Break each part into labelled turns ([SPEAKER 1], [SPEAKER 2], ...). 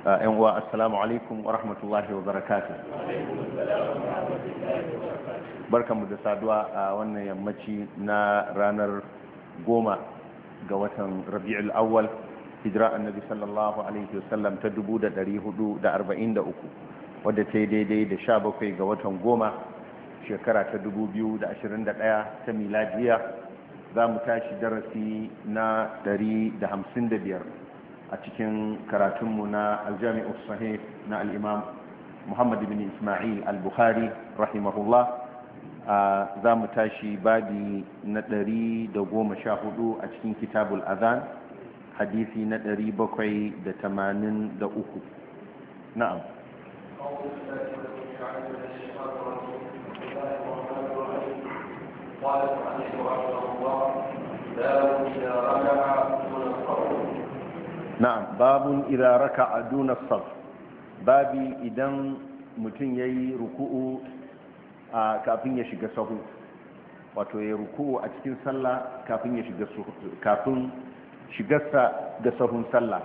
[SPEAKER 1] yan uwa assalamu alaikum wa rahmatullahi wa barakatuh barkanmu da saduwa a wannan yammaci na ranar goma ga watan rabi'ul awwal hijira annabi sallallahu alaihi wasallam ta 443 wadda ta yi daidai da 17 ga watan goma shekara ta 2021 ta miladiya za mu tashi darasi na 155 أتكن كراتمنا الجامع الصحيح نا الإمام محمد بن إسماعيل البخاري رحمه الله ذا تاشي بادي ندري دوغو مشاهدو أتكن كتاب الأذان حديثي ندري بقعي دا تمانن نعم
[SPEAKER 2] قال سبحانه
[SPEAKER 1] na'am babun idza raka'a duna saf babi idan mutum yayi ruku'u a kafin ya shiga sahu wato ya ruku'u a cikin sallah kafin ya shiga kafin shigarsa ga sahun sallah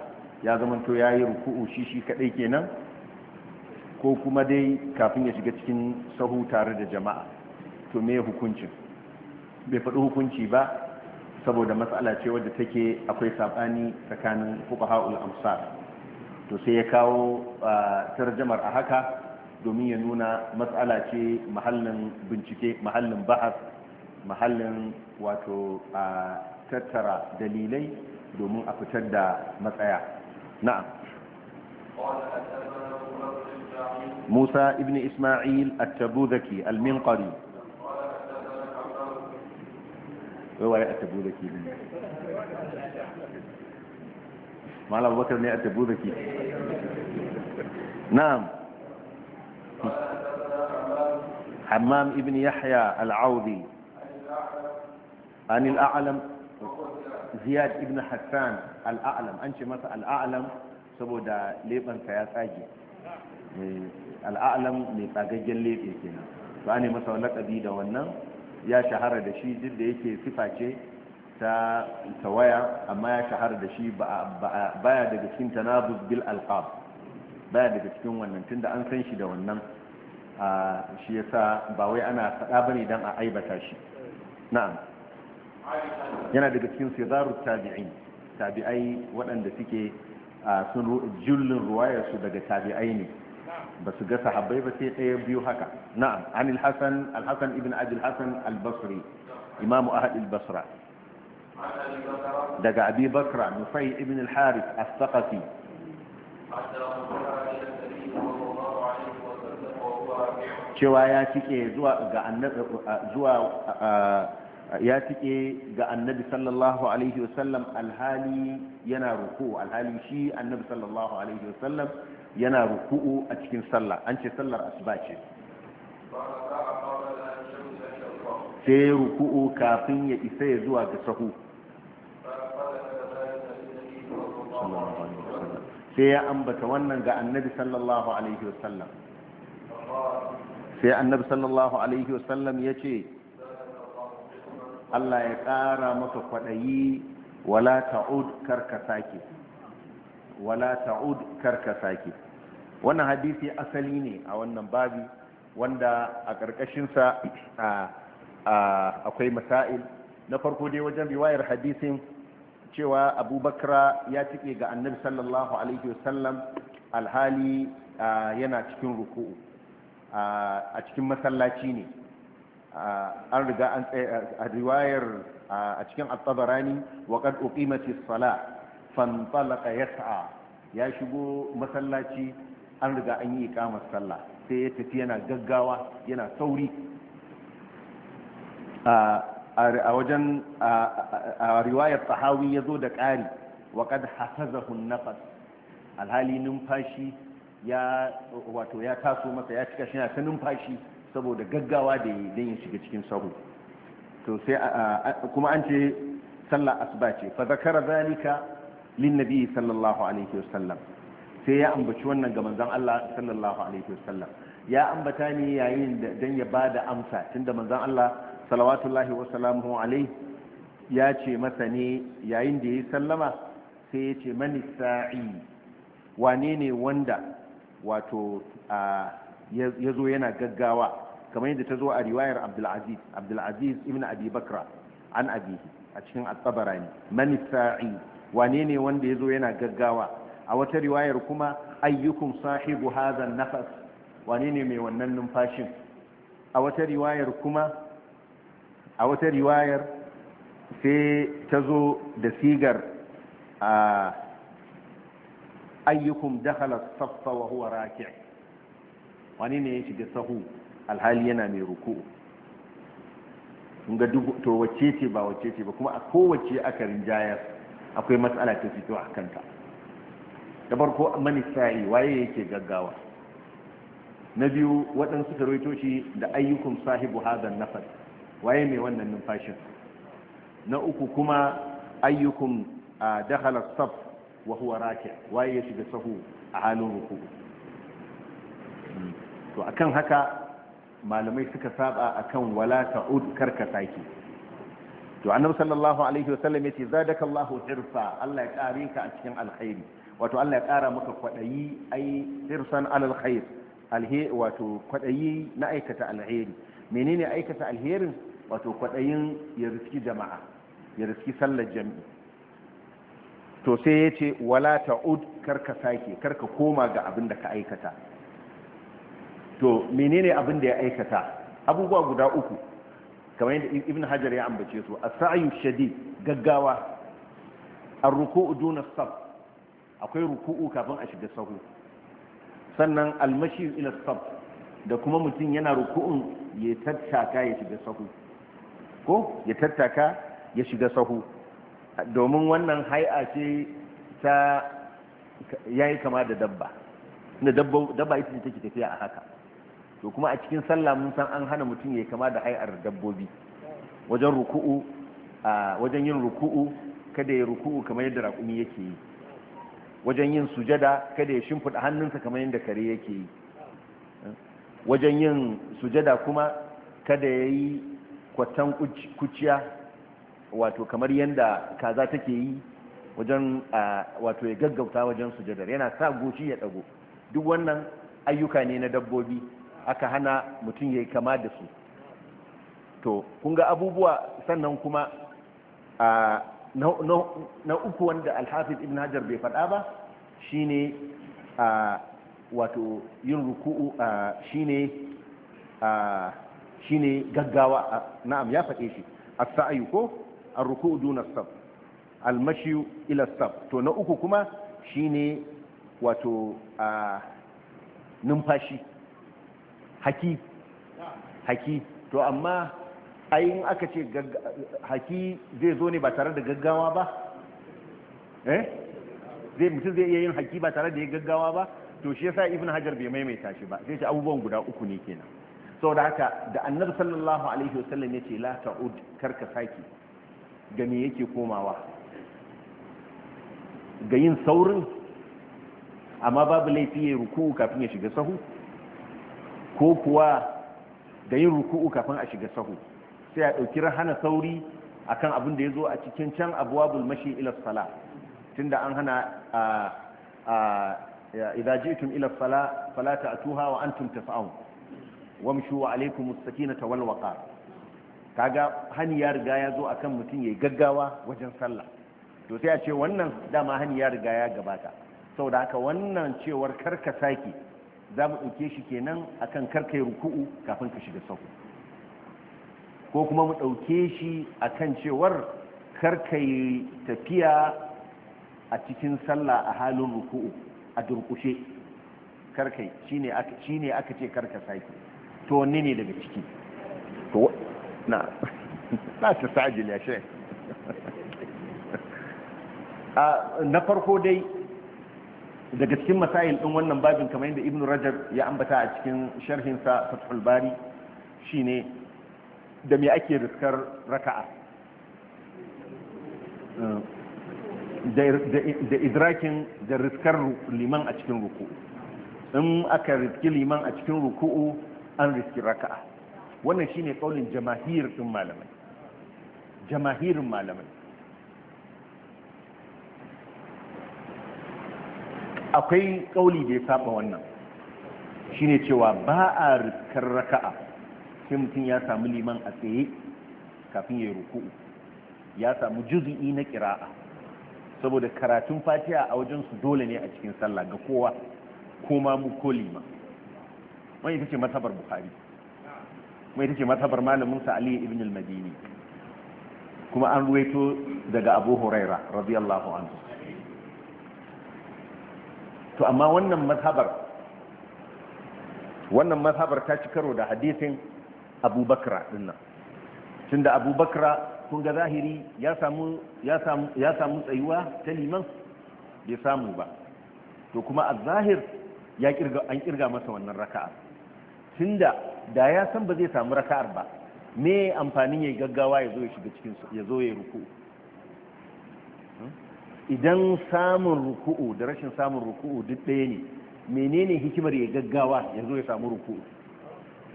[SPEAKER 1] ya zamanto yayi ruku'u shi shi kadai kenan ko kuma dai kafin ya shiga cikin sahu tare da jama'a to me hukuncin bai faɗi hukunci ba saboda matsala ce wadda take akwai sabani tsakanin fuqaha'ul amsar to sai ya kawo tarjamar a haka domin ya nuna matsala ce mahallin bincike mahallin bahas mahallin wato a tattara dalilai domin a fitar da matsaya na'am موسى ابن إسماعيل التبوذكي المنقري wai waye a tabu da ke ne malam bakar ne a tabu da ke na'am hammam ibn yahya al-audi an Al'alam, alam ziyad ibn hassan al-a'lam an ce masa al saboda lebansa ya tsage eh, al'alam mai tsagaggen lebe kenan ba ne masa lakabi da wannan ya shahara da shi duk da yake sifa ce ta tawaya amma ya shahara da shi baya daga cikin tanabuz bil alqab baya daga cikin wannan tunda an san shi da wannan shi yasa ba wai ana faɗa bane dan a aibata shi na'am yana daga cikin sigaru tabi'in tabi'ai waɗanda suke sun jullin ruwayarsu daga tabi'ai ne ba su ga sahabbai ba sai ɗaya biyu haka na'am an al-hasan al-hasan ibn abi al-hasan al-basri imamu ahad al-basra daga abi bakra nufai ibn al-harith as-saqafi cewa ya tike zuwa ga annabi zuwa ya tike ga annabi sallallahu alaihi wasallam alhali yana ruku alhali shi annabi sallallahu alaihi wasallam yana ruku'u a cikin sallah an ce sallar asuba ce sai ruku'u kafin ya isa ya zuwa ga sahu sai ya ambata wannan ga annabi sallallahu alaihi wasallam sai annabi sallallahu alaihi wasallam ya ce Allah ya ƙara maka kwaɗayi wala ta'ud karka sake wala ta'ud karka sake wannan hadisi asali ne a wannan babi wanda a ƙarƙashinsa akwai masail na farko dai wajen riwayar hadisin cewa abubakra ya cike ga annabi sallallahu alaihi wasallam alhali yana cikin ruku'u a cikin masallaci ne an riga an riwayar a cikin al-tabarani wa qad uqimatis sala fantalaqa yas'a ya shigo masallaci an riga an yi ikamar sallah sai ya tafi yana gaggawa yana sauri a wajen a riwayar sahawi ya zo da ƙari wa kad hasazahun nafas alhali numfashi ya wato ya taso masa ya cika shi na ta numfashi saboda gaggawa da ya don ya shiga cikin sahu to sai kuma an ce sallah asuba ce fa zakara zalika lin nabi sallallahu alaihi wasallam sai ya ambaci wannan ga manzon Allah sallallahu alaihi wasallam ya ambata ne yayin da dan ya bada amsa tunda manzon Allah salawatullahi wa salamuhu alaihi ya ce masa ne yayin da ya sallama sai ya ce mani sa'i wane ne wanda wato ya zo yana gaggawa kamar yadda ta zo a riwayar abdulaziz abdulaziz ibn abi bakra an abihi a cikin al-tabarani mani sa'i wane ne wanda ya zo yana gaggawa a wata riwayar kuma ayyukum sahibu hazan nafas wani ne mai wannan numfashin a wata riwayar kuma a wata riwayar sai ta zo da sigar a ayyukum dakhala saffa wa huwa raki' wani ne ya shiga sahu alhali yana mai ruku'u ga duk to wacce ce ba wacce ce ba kuma a kowace aka rinjayar akwai matsala ta fito a kanta da farko manisa'i waye yake gaggawa na biyu waɗansu suka shi da ayyukan sahibu hadan nafas waye mai wannan numfashin na uku kuma ayyukan dakhala saf wa huwa raki waye ya shiga sahu a halin ruku hmm. to akan haka malamai suka saba akan wala ta'ud karka saki to annabi sallallahu alaihi wasallam yace zadaka Allahu irfa Allah ya kare ka a cikin alkhairi wato Allah ya ƙara maka kwaɗayi ai hirsan alal wato kwaɗayi na aikata alheri menene aikata alherin wato kwaɗayin ya riski jama'a ya riski sallar jami'i to sai ya ce wala ta'ud karka sake karka koma ga abin da ka aikata to menene abin da ya aikata abubuwa guda uku kamar yadda ibn hajar ya ambace su A sayu shadid gaggawa an ruku duna as akwai ruku'u kafin a shiga sahu sannan almashi ila sab da kuma mutum yana ruku'un ya tattaka ya shiga sahu ko ya tattaka ya shiga sahu domin wannan hai'a ce ta yayi kama da dabba inda dabba ita ce take tafiya a haka to kuma a cikin sallah mun san an hana mutum ya kama da hai'ar dabbobi wajen ruku'u wajen yin ruku'u kada ya ruku'u kamar yadda raƙumi yake yi wajen yin sujada kada ya shimfiɗa hannunsa kamar yadda kare yake yi wajen yin sujada kuma kada ya yi kwatan kuciya wato kamar yadda kaza take yi wajen wato ya gaggauta wajen sujadar yana sa goshi ya dago duk wannan ayyuka ne na dabbobi aka hana mutum ya yi kama da su to kun ga abubuwa sannan kuma a na uku wanda alhafiz ibn hajar bai faɗa ba shine a wato yin ruku'u shine shine gaggawa na'am ya faɗe shi as-sa'yu ko ar-ruku'u duna as-sab ila as to na uku kuma shine wato numfashi haki haki to amma ayin aka ce haki zai zo ne ba tare da gaggawa ba eh zai mutum zai iya yin haki ba tare da ya gaggawa ba to shi yasa ibn hajar bai maimaita shi ba sai ce abubuwan guda uku ne kenan saboda haka da annabi sallallahu alaihi wasallam ya ce la ta'ud karka saki ga me yake komawa ga yin saurin amma babu laifi ya ruku'u kafin ya shiga sahu ko kuwa ga yin ruku'u kafin a shiga sahu sai a ɗauki hana sauri akan abin da ya zo a cikin can abuwabul mashi ila sala tunda an hana idza ji'tum ila sala fala ta'tuha wa antum tafa'un wamshu wa alaykum as-sakinata wal waqar kaga hani ya riga ya zo akan mutum yayi gaggawa wajen sallah to sai a ce wannan dama hani ya riga ya gabata saboda haka wannan cewar karka saki za mu ɗauke shi kenan akan karkai ruku'u kafin ka shiga sauku ko kuma mu ɗauke shi a kan cewar karkai tafiya a cikin sallah a halin ruku'u a durkushe karkai ne aka ce karka sake to wanne ne daga ciki to na na ta sajil ya shek na farko dai daga cikin masayin ɗin wannan babin kamar yadda ibn rajar ya ambata a cikin sharhinsa fathul bari ne. da me ake riskar raka'a da idrakin da riskar liman a cikin ruku'u in aka riski liman a cikin ruku'u an riski raka'a wannan shine kaulin jamahir din malamai jamahirin malamai akwai kauli da ya saba wannan shine cewa ba a riskar raka'a sai mutum ya samu liman a tsaye kafin ya yi ruku'u ya samu juzi'i na kira'a saboda karatun fatiha a wajen su dole ne a cikin sallah ga kowa ko ma ko liman wani ita ce matabar bukhari kuma ita ce matabar malamin sa ali ibn al-madini kuma an ruwaito daga abu huraira radiyallahu anhu to amma wannan mazhabar wannan ta ci karo da hadisin abubakra dinnan tunda abubakra kun ga zahiri ya samu tsayuwa ta liman bai samu ba to kuma a zahir an kirga masa wannan raka'ar tunda da ya san ba zai samu raka'ar ba me amfanin ya gaggawa ya zo ya shiga cikin ya zo ya ruku idan samun ruku'u da rashin samun ruku'u duk ɗaya ne menene hikimar ya gaggawa ya zo ya samu ruku'u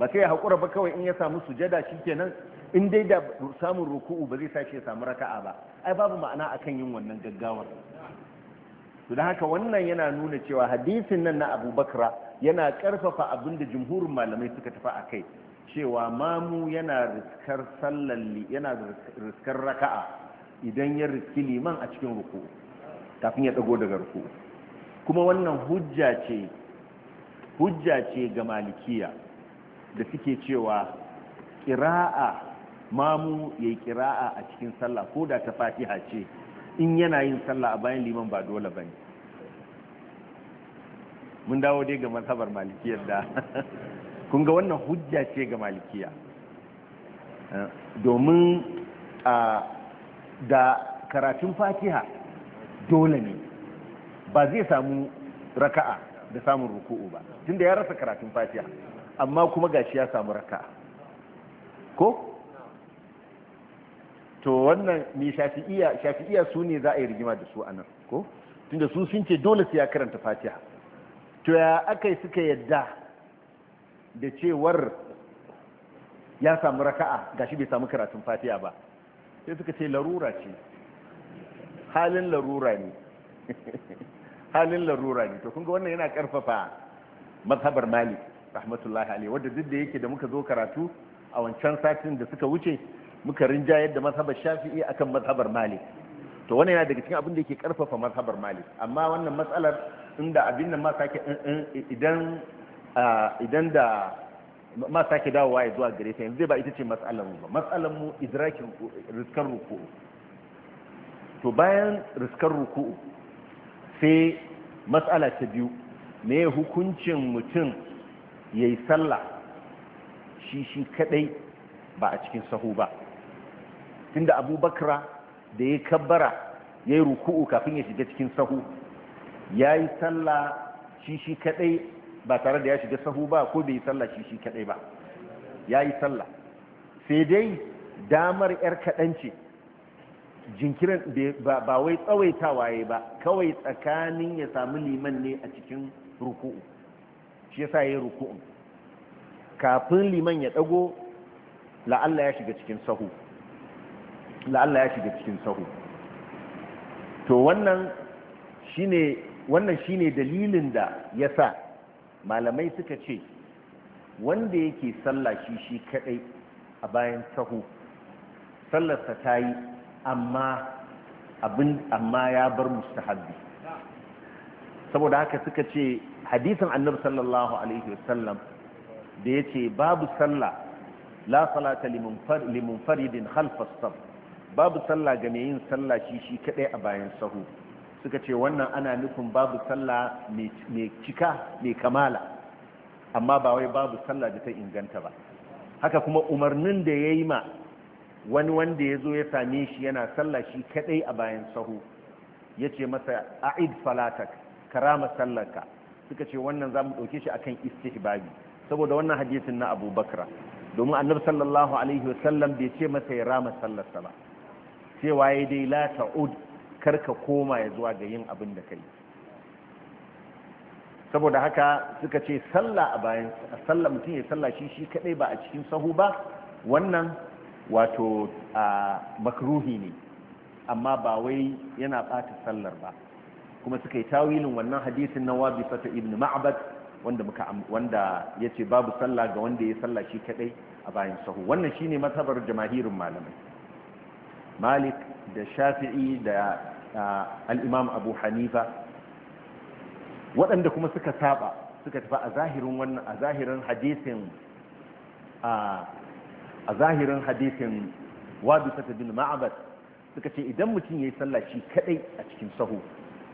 [SPEAKER 1] ba sai ya haƙura ba kawai in ya samu sujada nan in dai da samun ruku'u ba zai sake ya samu raka'a ba ai babu ma'ana akan yin wannan gaggawar to da haka wannan yana nuna cewa hadisin nan na abubakar yana karfafa abinda jumhurin malamai suka tafi a kai cewa mamu yana riskar sallalli yana riskar raka'a idan ya riski liman a cikin ruku'u kafin ya dago daga ruku'u kuma wannan hujja ce hujja ce ga malikiya da suke cewa kira'a, mamu ya yi kira'a a cikin sallah ko da ta fatiha ce in yana yin sallah a bayan liman ba dole ba ne mun dawo dai ga mazhabar malikiyar da kun ga wannan hujja ce ga malikiya domin da karatun fatiha dole ne ba zai samu raka'a da samun ruku'u ba tunda ya rasa karatun fatiha amma kuma gashi ya samu raka ko to wannan mai shafi'iya shafi'iya su ne za a yi rigima da su a nan ko tunda su sun ce dole su ya karanta fatiha to ya aka yi suka yadda da cewar ya samu raka'a gashi bai samu karatun fatiha ba sai suka ce larura ce halin larura ne halin larura ne to kun ga wannan yana karfafa mazhabar malik rahmatullahi alaihi wadda duk da yake da muka zo karatu a wancan satin da suka wuce muka rinjayar da mazhabar shafi'i akan mazhabar malik to wannan yana daga cikin abin da yake karfafa mazhabar malik amma wannan matsalar inda abin nan ma sake idan idan da ma sake dawowa ya zuwa gare ta yanzu zai ba ita ce matsalar mu ba matsalar mu idrakin riskar ruku'u to bayan riskar ruku'u sai matsala ta biyu me hukuncin mutum ya yi sallah shi shi kadai ba a cikin sahu ba tunda Abubakar da ya kabbara ya yi ruku'u kafin ya shiga cikin sahu ya yi sallah shi shi kadai ba tare da ya shiga sahu ba ko bai yi sallah shi shi kadai ba ya yi sallah sai dai damar 'yar kaɗan jinkirin ba wai tsawaitawa ya ba kawai tsakanin ya samu liman ne a cikin ruku'u shi yasa yi ruku'un kafin liman ya dago la'alla ya shiga cikin sahu la'alla ya shiga cikin sahu to wannan shine wannan shine dalilin da yasa malamai suka ce wanda yake sallah shi shi kadai a bayan sahu sallarsa ta yi amma abin amma ya bar mustahabbi saboda haka suka ce hadisin annabi sallallahu alaihi wasallam da ya ce babu sallah la salata limun faridin khalfas saf babu sallah ga mai yin sallah shi shi kadai a bayan sahu suka ce wannan ana nufin babu sallah mai cika mai kamala amma ba wai babu sallah da ta inganta ba haka kuma umarnin da ya yi ma wani wanda ya zo ya same shi yana sallah shi kadai a bayan sahu ya ce masa a'id falatak karama sallarka suka ce wannan za mu ɗauke shi akan istihbabi saboda wannan hadisin na abu bakra domin annabi sallallahu alaihi wasallam bai ce masa ya rama sallar ba cewa ya dai la ta'ud karka koma ya zuwa ga yin abin da kai saboda haka suka ce sallah a bayan sallah mutum ya sallah shi shi kadai ba a cikin sahu ba wannan wato makruhi ne amma ba wai yana bata sallar ba kuma suka yi tawilin wannan hadisin na wabisata ibn ma'bad wanda muka wanda yace babu sallah ga wanda ya sallah shi kadai a bayan sahu wannan shine matabar jamahirin malamai malik da shafi'i da al-imam abu hanifa waɗanda kuma suka saba suka tafi a zahirin wannan a zahirin hadisin a zahirin hadisin wabisata ibn ma'bad suka ce idan mutum ya yi sallah shi kadai a cikin sahu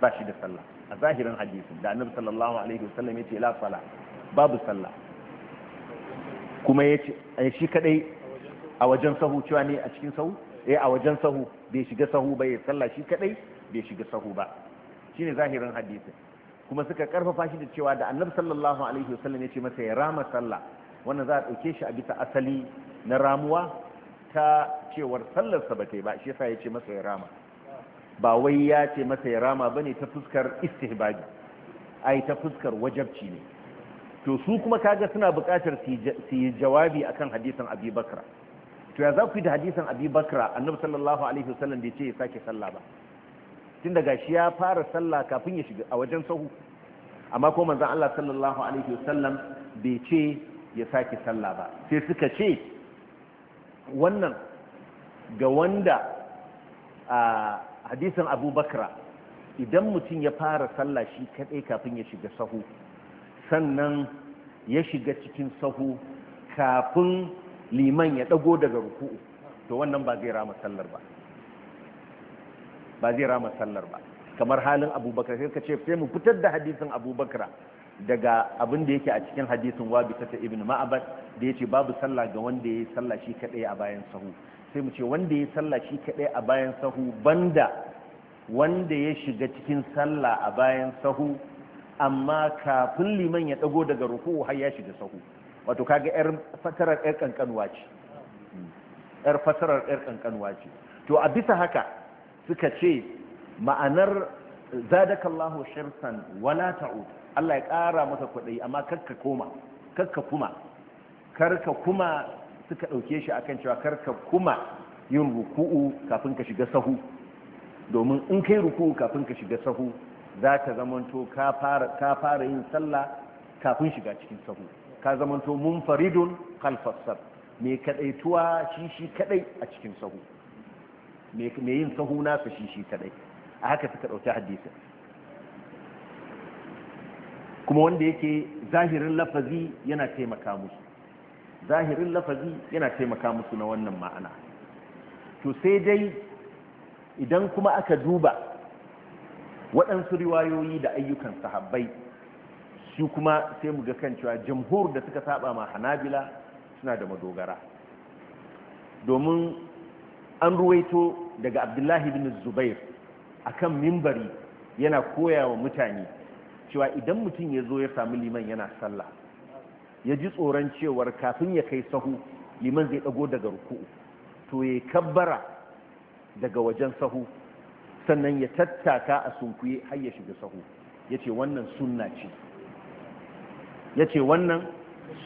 [SPEAKER 1] ba shi da sallah a zahirin hadisin da annabi sallallahu alaihi wasallam yace la sala babu sallah kuma yace eh, shi kadai a wajen sahu cewa ne a cikin sahu eh a wajen sahu bai shiga sahu ba ya sallah shi kadai bai shiga sahu ba shine zahirin hadisin kuma suka karfafa shi da cewa da annabi sallallahu alaihi wasallam yace masa ya rama sallah wannan za a dauke shi a bisa asali na ramuwa ta cewar sa ba ta yi ba shi yasa yace masa ya rama ba wai ya ce masa ya rama ba ne ta fuskar istihbabi yi ta fuskar wajabci ne to su kuma kaga suna bukatar su yi jawabi akan hadisan Abi Bakra to ya za ku yi da hadisan Abi Bakra Annabi sallallahu alaihi wasallam ya ce ya sake sallah ba tun daga shi ya fara sallah kafin ya shiga a wajen sahu amma ko manzon Allah sallallahu alaihi wasallam bai ce ya sake sallah ba sai suka ce wannan ga wanda a hadisin abubakra idan mutum ya fara sallah shi kadai kafin ya shiga sahu sannan ya shiga cikin sahu kafin liman ya dago daga ruku'u to wannan ba zai rama sallar ba ba zai rama sallar ba kamar halin abubakar sai ka ce sai mu fitar da hadisin abubakar daga abin da yake a cikin hadisin wabi ta ibn ma'abad da ya ce babu sallah ga wanda ya yi sallah shi kadai a bayan sahu sai mu ce wanda ya sallah shi kaɗai a bayan sahu banda wanda ya shiga cikin sallah a bayan sahu amma kafin liman ya ɗago daga ruku har ya shiga sahu wato kaga yar fasarar yar kankanwa ce yar fasarar yar kankanwa ce to a bisa haka suka ce ma'anar zadakallahu shirsan wala ta'u Allah ya ƙara maka kuɗi amma karka koma karka kuma karka kuma suka ɗauke shi akan cewa karka kuma yin ruku'u kafin ka shiga sahu domin in kai ruku'u kafin ka shiga sahu za ka zamanto ka fara yin sallah kafin shiga cikin sahu ka zamanto munfaridun khalfassar mai kadaituwa shi shi kaɗai a cikin sahu mai yin sahu nasa shi shi kaɗai a haka suka ɗauki hadisa kuma wanda yake zahirin lafazi yana taimaka musu zahirin lafazi yana taimaka musu na wannan ma'ana to sai dai idan kuma aka duba waɗansu riwayoyi da ayyukan sahabbai shi kuma sai mu ga kan cewa jamhur da suka saba ma hanabila suna da madogara domin an ruwaito daga abdullahi bin zubair akan mimbari yana koya wa mutane cewa idan mutum ya zo ya sami liman yana sallah ya ji tsoron cewar kafin ya kai sahu liman zai dago daga ruku'u to ya kabbara daga wajen sahu sannan ya tattaka a sunkuye har ya shiga sahu ya ce wannan sunna ce ya ce wannan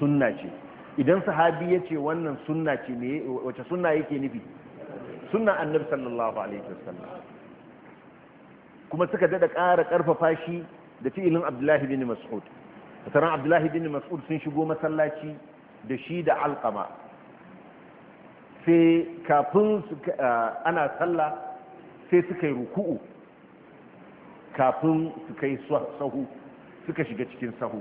[SPEAKER 1] sunna ce idan sahabi ya ce wannan sunna ce ne wace sunna yake nufi sunna annabi sallallahu alaihi wasallam kuma suka dada ƙara ƙarfafa shi da fi'ilin abdullahi bin mas'ud sanar abdullahi bin mas'ud sun shigo masallaci da shi da alkama sai kafin ana sallah sai suka yi ruku'u kafin su kai sahu suka shiga cikin sahu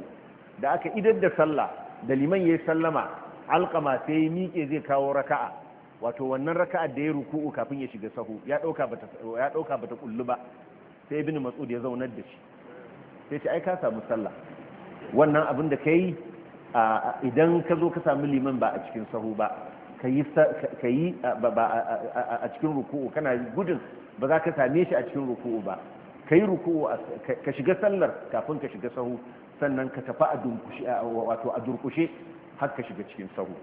[SPEAKER 1] da aka idar da sallah da liman ya sallama alkama sai ya miƙe zai kawo raka'a wato wannan raka'a da ya ruku'u kafin ya shiga sahu ya ɗauka ta kullu ba sai ibn mas'ud ya zaunar da shi sai ce ai ka samu sallah wannan abin da ka yi idan ka zo ka sami liman ba a cikin sahu ba ka yi a cikin ruku'u kana gudun ba za ka same shi a cikin ruku'u ba ka yi ruku'u ka shiga sallar kafin ka shiga sahu sannan ka tafi a durkushe har ka shiga cikin sahu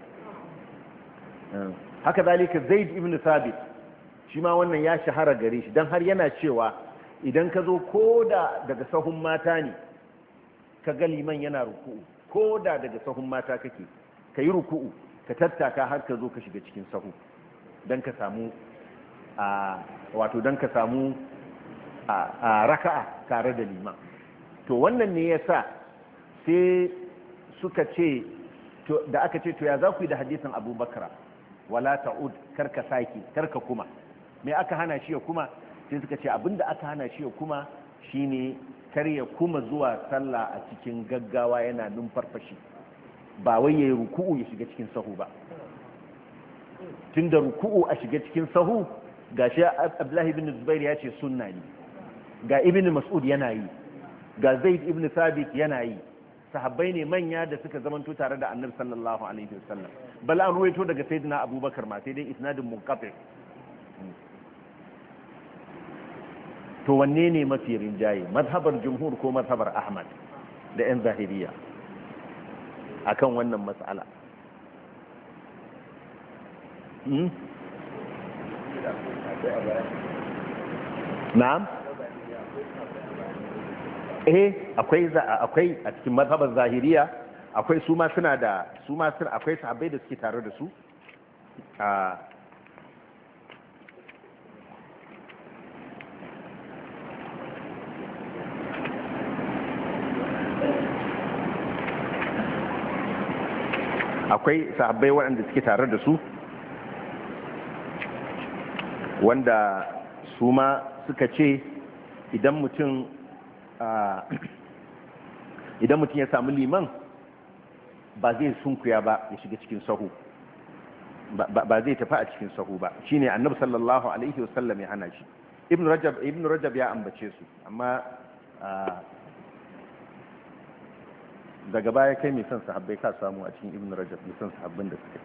[SPEAKER 1] eh, haka zalika zaid ibn sabit shi ma wannan ya shahara gare shi don har yana cewa idan ka zo ko da daga sahun mata ne ka ga liman yana ruku'u ko da daga sahun mata kake ka yi ruku'u ka tattaka har ka zo ka shiga cikin sahu don ka samu a wato don ka samu a raka'a tare da liman to wannan ne ya sa sai suka ce da aka ce to ya za ku yi da hadisin abubakar wala ta'ud karka sake karka kuma me aka hana shi ya kuma sai suka ce abinda aka hana shi ya kuma shine kar ya kuma zuwa sallah a cikin gaggawa yana numfarfashi ba wai ya yi ruku'u ya shiga cikin sahu ba tun da ruku'u a shiga cikin sahu ga shi abdullahi ibn Zubairu ya ce sunna ne ga ibn mas'ud yana yi ga zaid ibn sabit yana yi sahabbai ne manya da suka zamanto tare da annabi sallallahu alaihi wasallam bal an ruwaito daga sayyidina abubakar ma sai dai isnadin munqati to wanne ne mafi rinjaye mazhabar jumhur ko mazhabar ahmad da 'yan zahiriya akan wannan matsala hmm? na'am eh akwai akwai a cikin mazhabar zahiriya akwai su ma suna da su ma akwai sahabbai da suke tare da su a ah, akwai sahabbai waɗanda suke tare da su wanda su ma suka ce idan mutum idan mutum ya samu liman ba zai sunkuya ba ya shiga cikin sahu ba zai tafi a cikin sahu ba shine annabi sallallahu alaihi wasallam ya hana shi ibn rajab ibn rajab ya ambace su amma daga baya kai mai son sahabbai ka samu a cikin ibn rajab mai son sahabbin da suka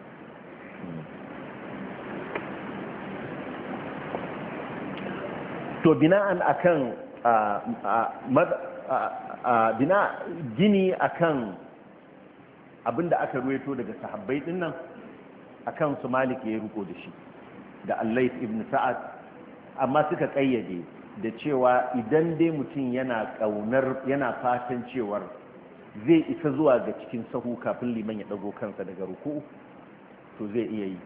[SPEAKER 1] to bina'an akan bina gini akan abinda aka ruwaito daga sahabbai dinnan akan su malik ya ruko da shi da allais ibn sa'ad amma suka kayyade da cewa idan dai mutum yana kaunar yana fatan cewar zai isa zuwa ga cikin sahu kafin liman ya dago kansa daga ruku'u to zai iya yi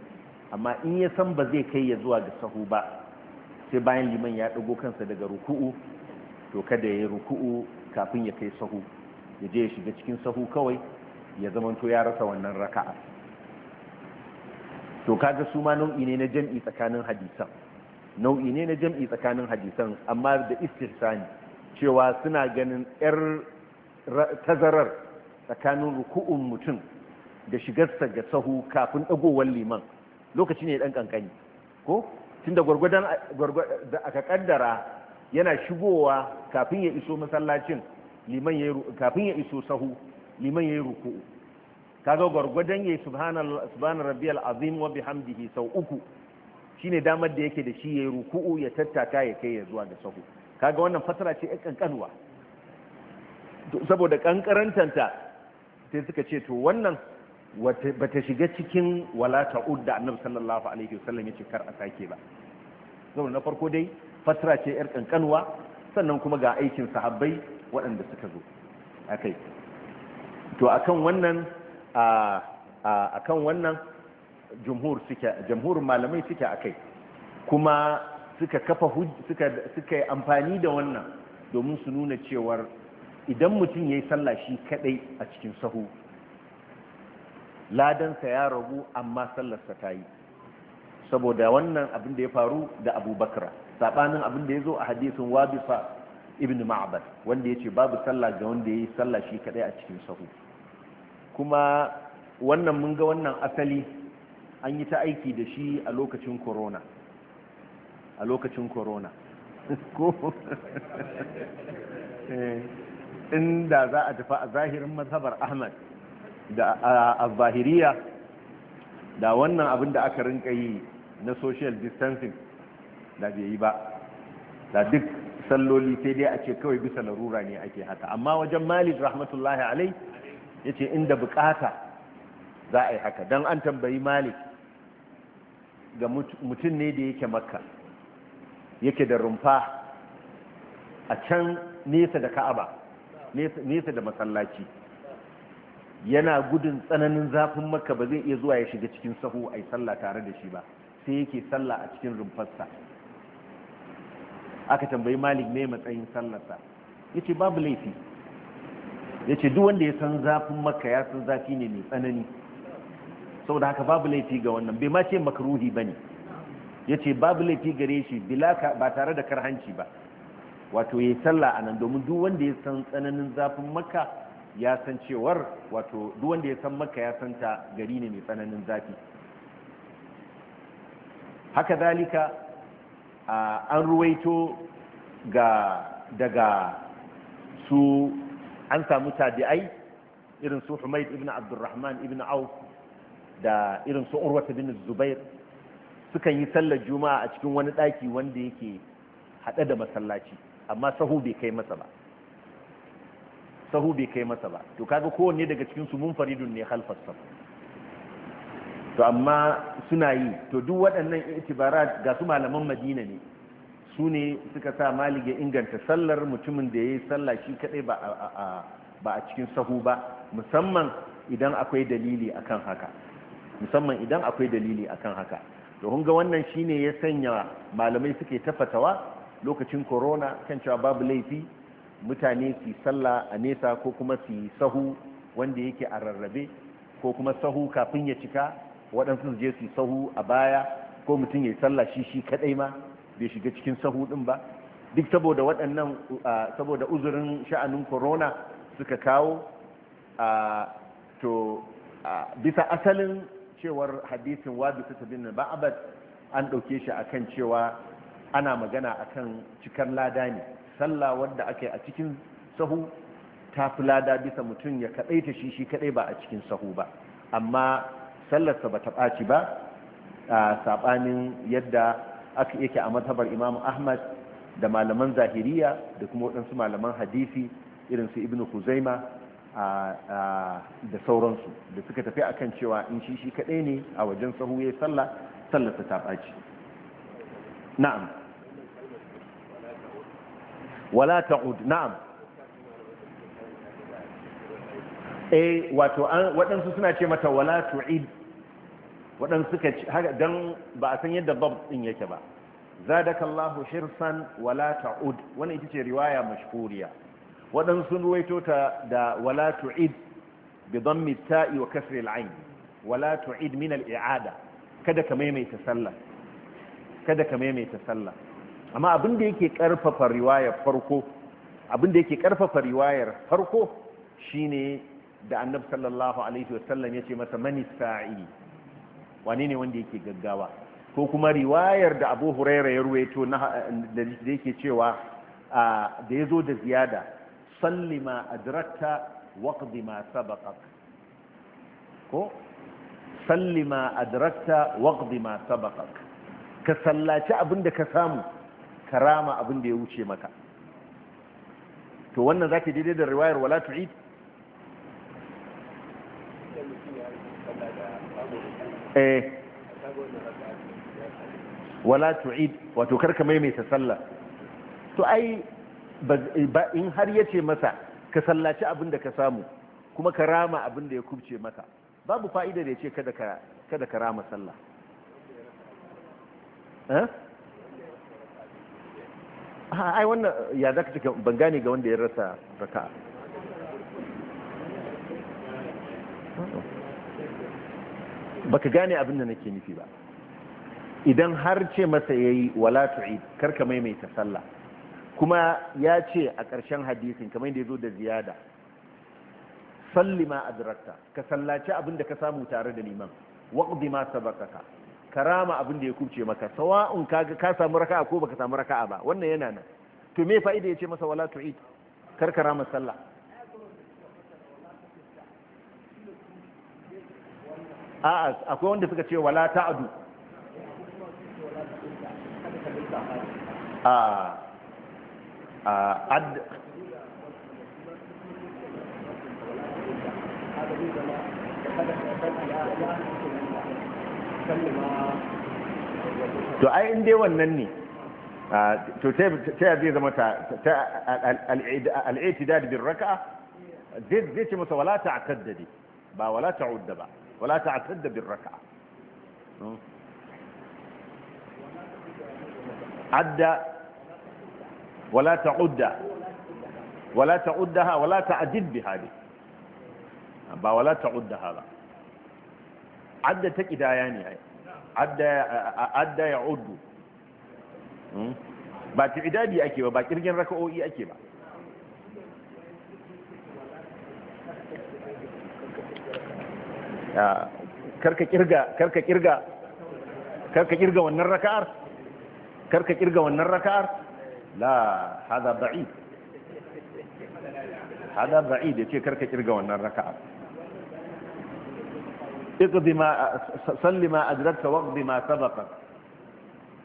[SPEAKER 1] amma in ya san ba zai kai ya zuwa ga sahu ba sai bayan liman ya dago kansa daga ruku'u to kada ya yi ruku'u kafin ya kai sahu ya je ya shiga cikin sahu kawai ya zama to ya rasa wannan raka'a to kaga su ma nau'i ne na jam'i tsakanin hadisan nau'i ne na jam'i tsakanin hadisan amma da istihsani cewa suna ganin yar tazarar tsakanin ruku'un mutum da shigarsa ga sahu kafin dagowar liman lokaci ne dan kankani ko tunda gwargwadon da aka kaddara yana shigowa kafin ya iso masallacin liman ya kafin ya iso sahu liman ya yi ruku'u kaga gwargwadon ya yi subhana rabbiyal azim wa bihamdihi sau uku shine damar da yake da shi ya yi ruku'u ya tattaka ya kai ya zuwa da sahu kaga wannan fasara ce ɗan kankanuwa. saboda kankarantanta sai suka ce to wannan ba ta shiga cikin walata udda da annabi sallallahu alaihi wasallam ya ce kar a sake ba saboda na farko dai fasra ce yar kankanwa sannan kuma ga aikin sahabbai waɗanda suka zo akai to akan wannan a akan wannan jumhur suke jumhur malamai suke akai kuma suka kafa suka suka yi amfani da wannan domin su nuna cewar idan mutum ya yi sallah shi kadai a cikin sahu ladansa ya ragu amma sallarsa ta yi saboda wannan abin da ya faru da abubakar saɓanin abin da ya zo a hadisin wabisa ibn Ma'abar, wanda ya ce babu sallah ga wanda ya yi sallah shi kadai a cikin sahu kuma wannan mun ga wannan asali an yi ta aiki da shi a lokacin corona a lokacin corona eh. inda za a tafi a zahirin mazhabar ahmad da a zahiriya da wannan abin da aka rinka yi na social distancing da bai yi ba da duk salloli sai dai a ce kawai bisa larura ne ake haka amma wajen malik rahmatullahi alai ya ce inda bukata za a yi haka don an tambayi malik ga mutum ne da yake makka yake da rumfa a can nesa da ka'aba nesa da masallaci yana gudun tsananin zafin maka ba zai iya zuwa ya shiga cikin sahu a yi sallah tare da shi ba sai yake sallah a cikin rumfarsa aka tambayi malik mai matsayin sallarsa ya ce babu laifi ya ce duk wanda ya san zafin maka ya san zafi ne mai tsanani saboda haka babu laifi ga wannan bai ma ce makruhi ba ne ya ce babu laifi gare shi ba tare da karhanci ba wato ya yi sallah a nan domin duk wanda ya san tsananin zafin maka ya san cewar wato duk wanda ya san maka ya san ta gari ne mai tsananin zafi haka zalika an ruwaito daga su an samu tabi'ai irin su humaid ibn abdurrahman ibn auf da irin su urwata bin zubair sukan yi sallar juma'a a cikin wani daki wanda yake hada da masallaci amma sahu bai kai masa ba sahu bai kai masa ba to kaga kowanne daga cikin su munfaridun ne khalfas saf to amma suna yi to duk waɗannan itibara ga su malaman Madina ne su ne suka sa Malik ya inganta sallar mutumin da ya yi sallah shi kadai ba a ba a cikin sahu ba musamman idan akwai dalili akan haka musamman idan akwai dalili akan haka to kun ga wannan shine ya sanya malamai suke tafatawa lokacin corona kan cewa babu laifi mutane su sallah a nesa ko kuma su sahu wanda yake a rarrabe ko kuma sahu kafin ya cika waɗansu su je su sahu a baya ko mutum ya salla shi shi kaɗai ma bai shiga cikin sahu ɗin ba duk saboda waɗannan saboda uzurin sha'anin corona suka kawo to bisa asalin cewar hadisin wadu ta bin abad an ɗauke shi akan cewa ana magana akan cikar lada ne sallah wadda aka a cikin sahu ta fi lada bisa mutum ya kaɗai ta shi shi kaɗai ba a cikin sahu ba amma sallarsa ba ta ɓaci ba a saɓanin yadda aka yake a mazhabar Imam ahmad da malaman zahiriya da kuma waɗansu malaman hadisi irinsu su ibnu huzaima da sauransu da suka tafi akan cewa in shi shi kaɗai ne a wajen sahu ya yi sallah sallarsa ta ɓaci na'am wala ta'ud na'am eh wato waɗansu suna ce mata wala tu'id waɗansu suka haka don ba san yadda bab ɗin yake ba zadakallahu shirsan wala ta'ud wannan ita ce riwaya mashkuriya waɗansu ruwaito ta da wala tu'id bi dhammi wa kasri al wala tu'id minal al-i'ada kada ka maimaita sallah kada ka maimaita sallah amma abin da yake karfafa riwayar farko abin da yake karfafa riwayar farko shine da annabi sallallahu alaihi wasallam yace masa mani sa'i wani ne wanda yake gaggawa ko kuma riwayar da Abu Hurairah ya ruwaito da yake cewa da yazo da ziyada salli ma adrakta waqdi ma sabaqak ko salli ma adrakta waqdi ma sabaqak ka sallaci abin da ka samu ka rama abin da ya wuce maka to wannan zaki daidai da riwayar wala tu'id eh wala tu'id wato karka maimaita sallah to ai in har yace masa ka sallaci abin da ka samu kuma ka rama abin da ya kubce maka babu fa'ida da ya ce kada ka rama sallah Eh? ai wannan ya za ka cika ban ga wanda ya rasa raka ba ka gane abin da nake nufi ba idan har ce masa ya yi wala tu'id karka maimaita sallah kuma ya ce a ƙarshen hadisin kamar da ya zo da ziyada sallima ma adrakta ka sallaci abin da ka samu tare da liman waqdi ma sabaqaka karama abin da ya kubce maka sawa'un kaga ka samu raka'a ko baka samu raka'a ba wannan yana nan to me fa'ida yace masa wala tu'id kar karama sallah a akwai wanda suka ce wala ta'du
[SPEAKER 2] a a to
[SPEAKER 1] ai in wannan ne to ta zai zama al'itidad bin raka'a zai ce masa wala ta'tadda dai ba wala ta'udda ba wala ta'tadda bin raka'a adda wala ta'udda wala ta'uddaha wala bi hadi ba wala ta'uddaha ba adda ta kidaya ne adda ya uddu hmm? ba ta idadi ake ba ba kirgin raka'o'i ake ba ah, karka kirga karka kirga karka kirga wannan raka'ar karka kirga wannan raka'ar la hada da'if hada da'if yace karka kirga wannan raka'ar iqdi ma salli ma ajrakta waqdi ma sabaqa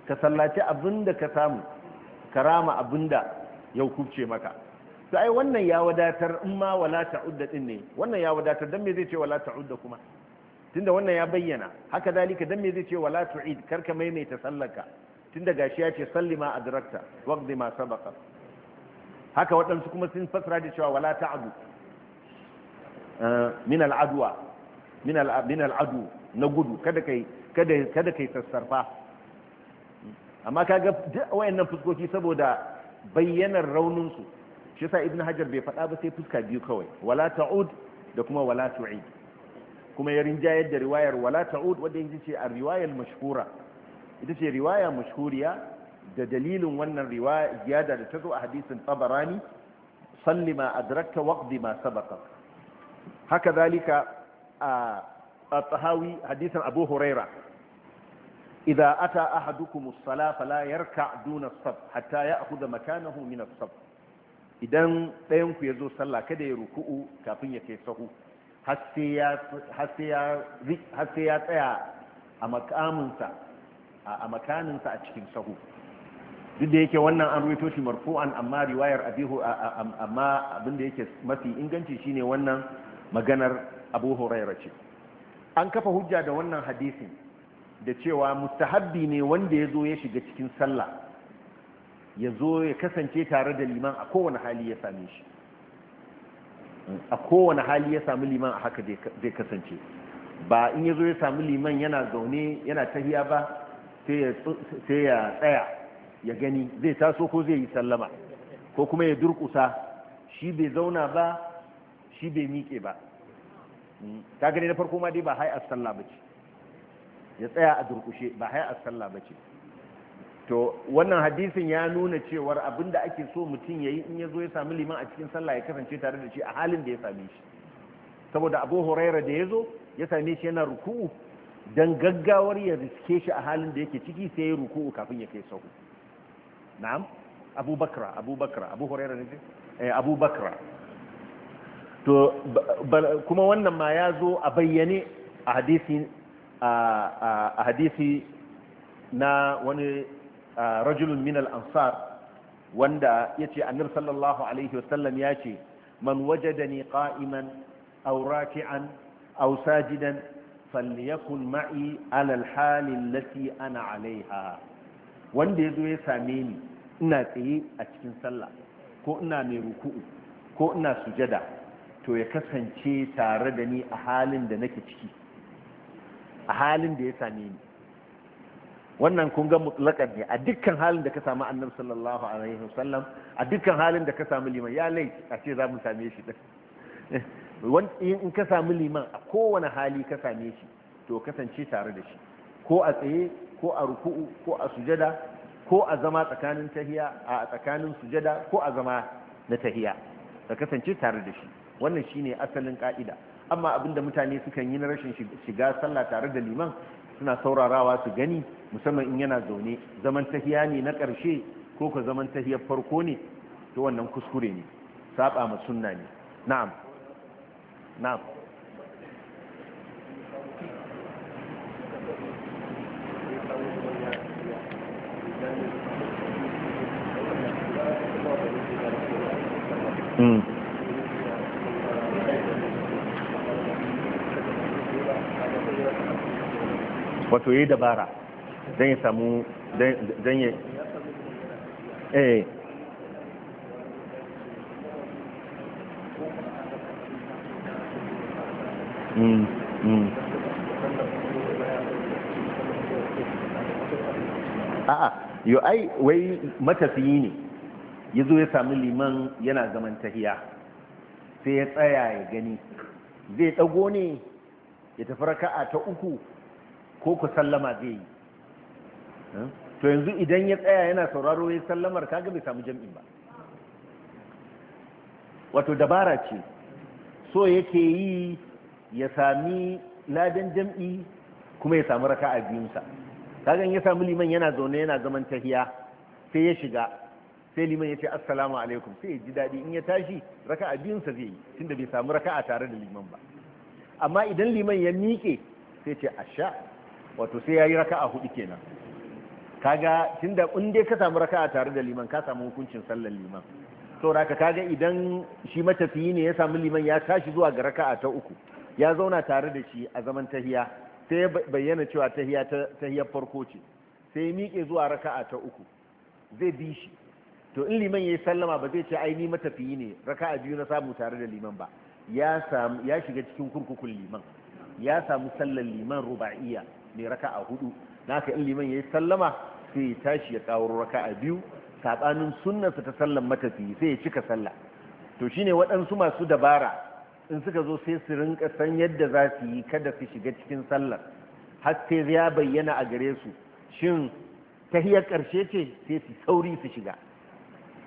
[SPEAKER 1] ka sallaci abinda ka samu karama abinda yau kubce maka to ai wannan ya wadatar in ma wala ta'udda din ne wannan ya wadatar dan me zai ce wala ta'udda kuma tunda wannan ya bayyana haka dalika dan me zai ce wala tu'id karka maimaita sallaka tunda gashi ya ce salli ma adrakta waqdi ma sabaqa haka waɗansu kuma sun fasara da cewa wala ta'adu min al'adwa min al'adu na gudu kada kai kada kai sassarfa amma kaga duk wayannan fuskoki saboda bayyanar raunin su shi yasa ibnu hajar bai faɗa ba sai fuska biyu kawai wala ta'ud da kuma wala tu'id kuma ya rinjayar da riwayar wala ta'ud wanda yake ce a riwayar mashhura ita ce riwaya mashhuriya da dalilin wannan riwaya ziyada da ta zo a hadisin tabarani sallima a adrakta waqdi ma sabaqa
[SPEAKER 3] haka zalika
[SPEAKER 1] a tsahawi hadisan abu huraira idan ata ahadukum as-sala fala yarka duna as-saf hatta ya'khudha sab idan ɗayanku ya zo sallah kada ya ruku'u kafin ya kai sahu har ya tsaya a makaminsa a makaninsa a cikin sahu duk da yake wannan an ruwaito shi marfu'an amma riwayar abihu amma abin yake mafi inganci shine wannan maganar abu huraira ce an kafa hujja da wannan hadisin da cewa mustahabbi ne wanda ya zo ya shiga cikin sallah ya zo ya kasance tare da liman a kowane hali ya same shi a kowane hali ya sami liman a haka zai kasance ba in ya zo ya sami liman yana zaune yana tahiya ba sai ya tsaya ya gani zai taso ko zai yi sallama ko kuma ya durkusa shi bai zauna ba shi bai miƙe ba ta gani na farko ma dai ba hay'ar sallah bace ya tsaya a durkushe ba hay'ar sallah bace to wannan hadisin ya nuna cewar abinda ake so mutum yayi in ya zo ya sami liman a cikin sallah ya kasance tare da shi a halin da ya same shi saboda abu huraira da ya zo ya same shi yana ruku'u don gaggawar ya riske shi a halin da yake ciki sai ya ruku'u kafin ya kai sahu na'am Abu Bakra abu Bakra Abu huraira ne eh Bakra. to kuma wannan ma ya zo a bayyane a hadisi a hadisi na wani rajulun Minal ansar wanda yace annabi sallallahu alaihi wasallam ya ce man wajadani qa'iman aw raki'an aw sajidan jidan, ma'i ala al-hali ana alaiha wanda ya zo ya same ni ina tsaye a cikin sallah ko ina mai ruku'u ko ina sujada to ya kasance tare da ni a halin da nake ciki a halin da ya same ni wannan kun ga mutlaka ne a dukkan halin da ka samu annabi sallallahu alaihi wasallam a dukkan halin da ka samu liman ya lai a ce za mu same shi din in ka samu liman a kowane hali ka same shi to kasance tare da shi ko a tsaye ko a ruku'u ko a sujada ko a zama tsakanin tahiya a tsakanin sujada ko a zama na tahiya ka kasance tare da shi wannan shine asalin ka'ida amma abin da mutane sukan yi na rashin shiga sallah tare da liman suna saurarawa su gani musamman in yana zaune zaman tahiya ne na ƙarshe ko ka zaman tahiyar farko ne to wannan kuskure ne saba ma sunna ne na'am na'am Mm. wato yi dabara don ya samu don ya eh mm, mm. a'a yo ai wai matafiyi ne ya zo ya sami liman yana zaman tahiya sai ya tsaya ya gani zai tsago ne ya tafi raka'a ta uku ko ku sallama zai yi hmm? to yanzu idan ya tsaya yana sauraro ya sallamar kaga bai samu jam'in ba wato dabara ce so yake yi ya sami ladan jam'i kuma ya sami a biyunsa kagan ya sami liman yana zaune yana zaman tahiya sai ya shiga sai liman ya ce assalamu alaikum sai ya ji daɗi in ya tashi raka a biyunsa zai yi tunda bai samu a tare da liman ba amma idan liman ya miƙe sai ce asha wato sai ya yi raka a hudu kenan kaga tunda in dai ka samu raka'a tare da liman ka samu hukuncin sallar liman saura ka kaga idan shi matafiyi ne ya samu liman ya tashi zuwa ga raka'a ta uku ya zauna tare da shi a zaman tahiya sai ya bayyana cewa tahiya ta tahiyar farko ce sai ya miƙe zuwa raka'a ta uku zai bi shi to in liman ya yi sallama ba zai ce ai ni matafiyi ne raka'a biyu na samu tare da liman ba ya samu ya shiga cikin kurkukun liman ya samu sallar liman ruba'iyya raka a hudu na naka in liman ya yi sallama sai ya tashi ya kawo a biyu saɓanin sunansa ta sallan matafi sai ya cika sallah to shine waɗansu masu dabara in suka zo sai su rinka san yadda za su yi kada su shiga cikin sallar har sai ya bayyana a gare su shin tahiyar ƙarshe ce sai su sauri su shiga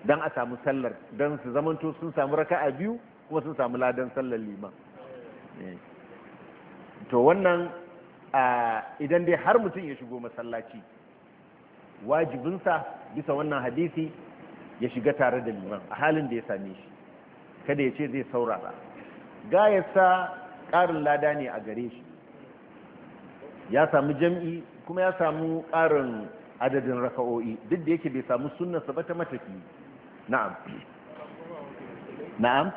[SPEAKER 1] don a samu sallar don su zamanto sun samu raka a biyu kuma sun samu ladan sallar liman eh. to wannan idan dai har mutum ya shigo masallaci wajibinsa bisa wannan hadisi ya shiga tare da liman a halin da ya same shi kada ya ce zai saurara Ga ya sa ƙarin lada ne a gare shi ya samu jam'i kuma ya samu ƙarin adadin raka'o'i duk da yake bai samu sa ba ta matafi na'am na'am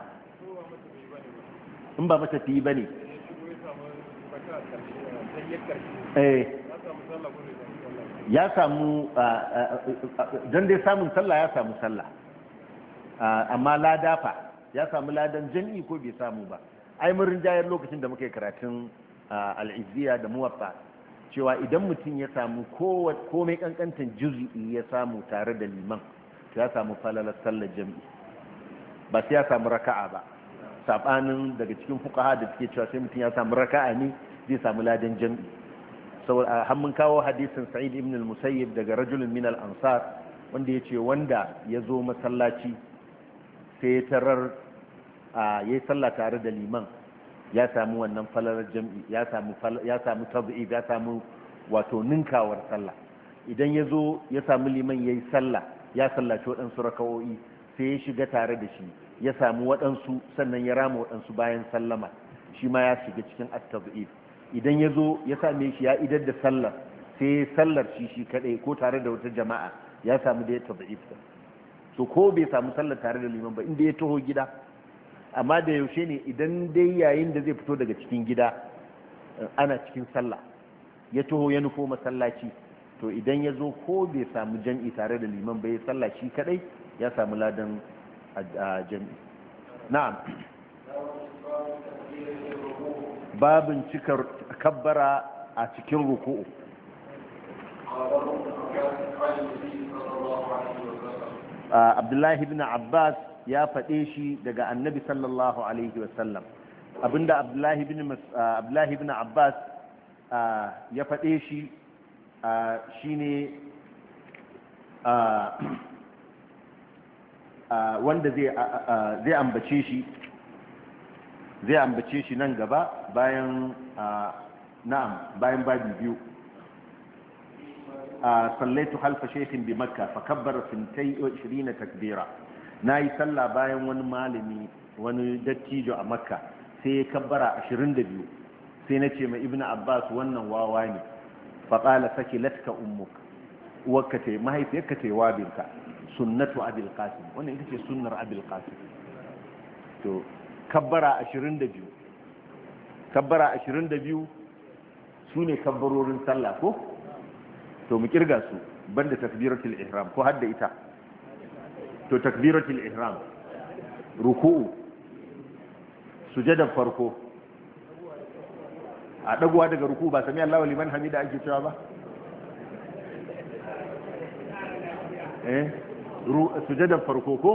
[SPEAKER 1] in ba matafi ba ne Eh. ya samu don dai samun sallah ya samu sallah amma ladafa ya samu ladan jan'i ko bai samu ba ai mun lokacin da muka yi karatun al'izziya da muwaffa cewa idan mutum ya samu komai kankantan juzi'i ya samu tare da liman to ya samu falalar sallar jam'i ba sai ya samu raka'a ba sabanin daga cikin fuqaha da suke cewa sai mutum ya samu raka'a ne zai samu ladan jami sau a mun kawo hadisin sa'id ibn al-musayyib daga rajulun min al-ansar wanda ya ce wanda ya zo masallaci sai ya tarar ya yi sallah tare da liman ya samu wannan falalar jam'i ya samu tabi ya samu wato ninkawar sallah idan ya zo ya samu liman ya yi sallah ya sallaci waɗansu raka'o'i sai ya shiga tare da shi ya samu waɗansu sannan ya rama waɗansu bayan sallama shi ma ya shiga cikin at idan ya zo ya same shi ya idar da sallar sai sallar shi shi kadai ko tare da wata jama'a ya samu da ya ifta to ko bai samu sallar tare da liman ba inda ya taho gida amma da yaushe ne idan dai yayin da zai fito daga cikin gida ana cikin sallah ya taho ya nufo masallaci to idan ya zo ko bai samu jam'i tare da liman ba ya sallah shi kadai ya samu ladan jam'i na'am babin cikar kabbara a cikin ruku'u abdullahi ibn abbas ya faɗe shi daga annabi sallallahu alaihi wasallam abinda abdullahi ibn abbas ya faɗe shi shi ne wanda zai ambace shi zai ambace shi nan gaba bayan na'am bayan babin biyu a sallaitu halfa shekin bi makka fa kabbara sintai 20 takbira na yi salla bayan wani malami wani dattijo a makka sai ya kabbara 22 sai na ce ma ibn abbas wannan wawa ne faɗala sake latka ummuk uwarka ta mahaifiyarka ta yi wabinka sunnatu abil qasim wannan ita ce sunnar abil qasim to kabbara 22 kabbara 22 su ne kabbarorin sallah ko to mu kirga su banda takbiratul ihram ko hadda ita to takbiratul ihram ruku'u sujada farko a ɗaguwa daga ruku'u ba sami Allahu liman hamida ake cewa ba eh sujada farko ko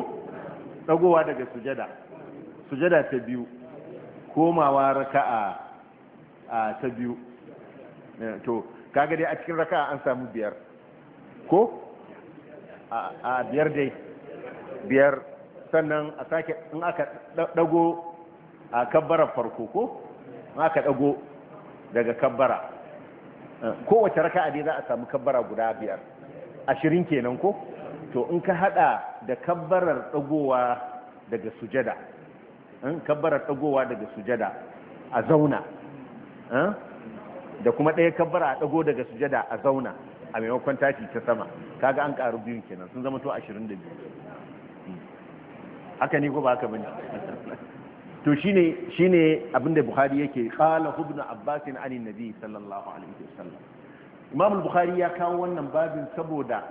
[SPEAKER 1] dagowa daga sujada sujada ta biyu komawa raka'a a ta biyu eh, to kaga dai a cikin raka'a an samu biyar ko a biyar dai biyar sannan a sake in aka dago a kabbara farko ko in aka dago daga kabbara eh, kowace raka'a dai za a samu kabbara guda biyar ashirin kenan ko to in ka hada da kabbarar dagowa daga sujada kabbara dagowa daga sujada a zauna eh? da kuma ɗaya kabbara a dago daga sujada a zauna a maimakon tashi ta sama kaga an karu biyun kenan sun zama to 22 haka ne ko ba haka bane to shine shine abinda bukhari yake qala ibn abbas an annabi sallallahu alaihi wasallam imam al-bukhari ya kawo wannan babin saboda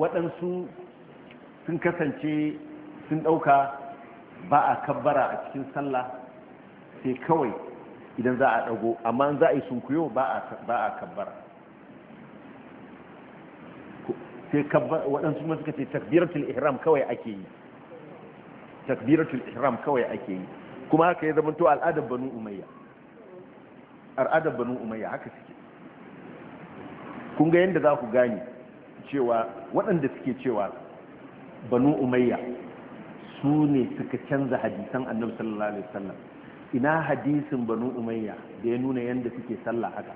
[SPEAKER 1] waɗansu sun kasance sun ɗauka ba a kabbara a cikin sallah sai kawai idan za a dago amma za a yi sunkuyo ba a kabbara sai waɗansu ma suka ce takbiratul ihram kawai ake yi takbiratul ihram kawai ake yi kuma haka ya zamanto al'adar banu umayya al'adar banu umayya haka suke kun ga yadda za ku gane cewa waɗanda suke cewa banu umayya su ne suka canza hadisan annabi sallallahu alaihi wasallam ina hadisin banu umayya da ya nuna yadda suke sallah haka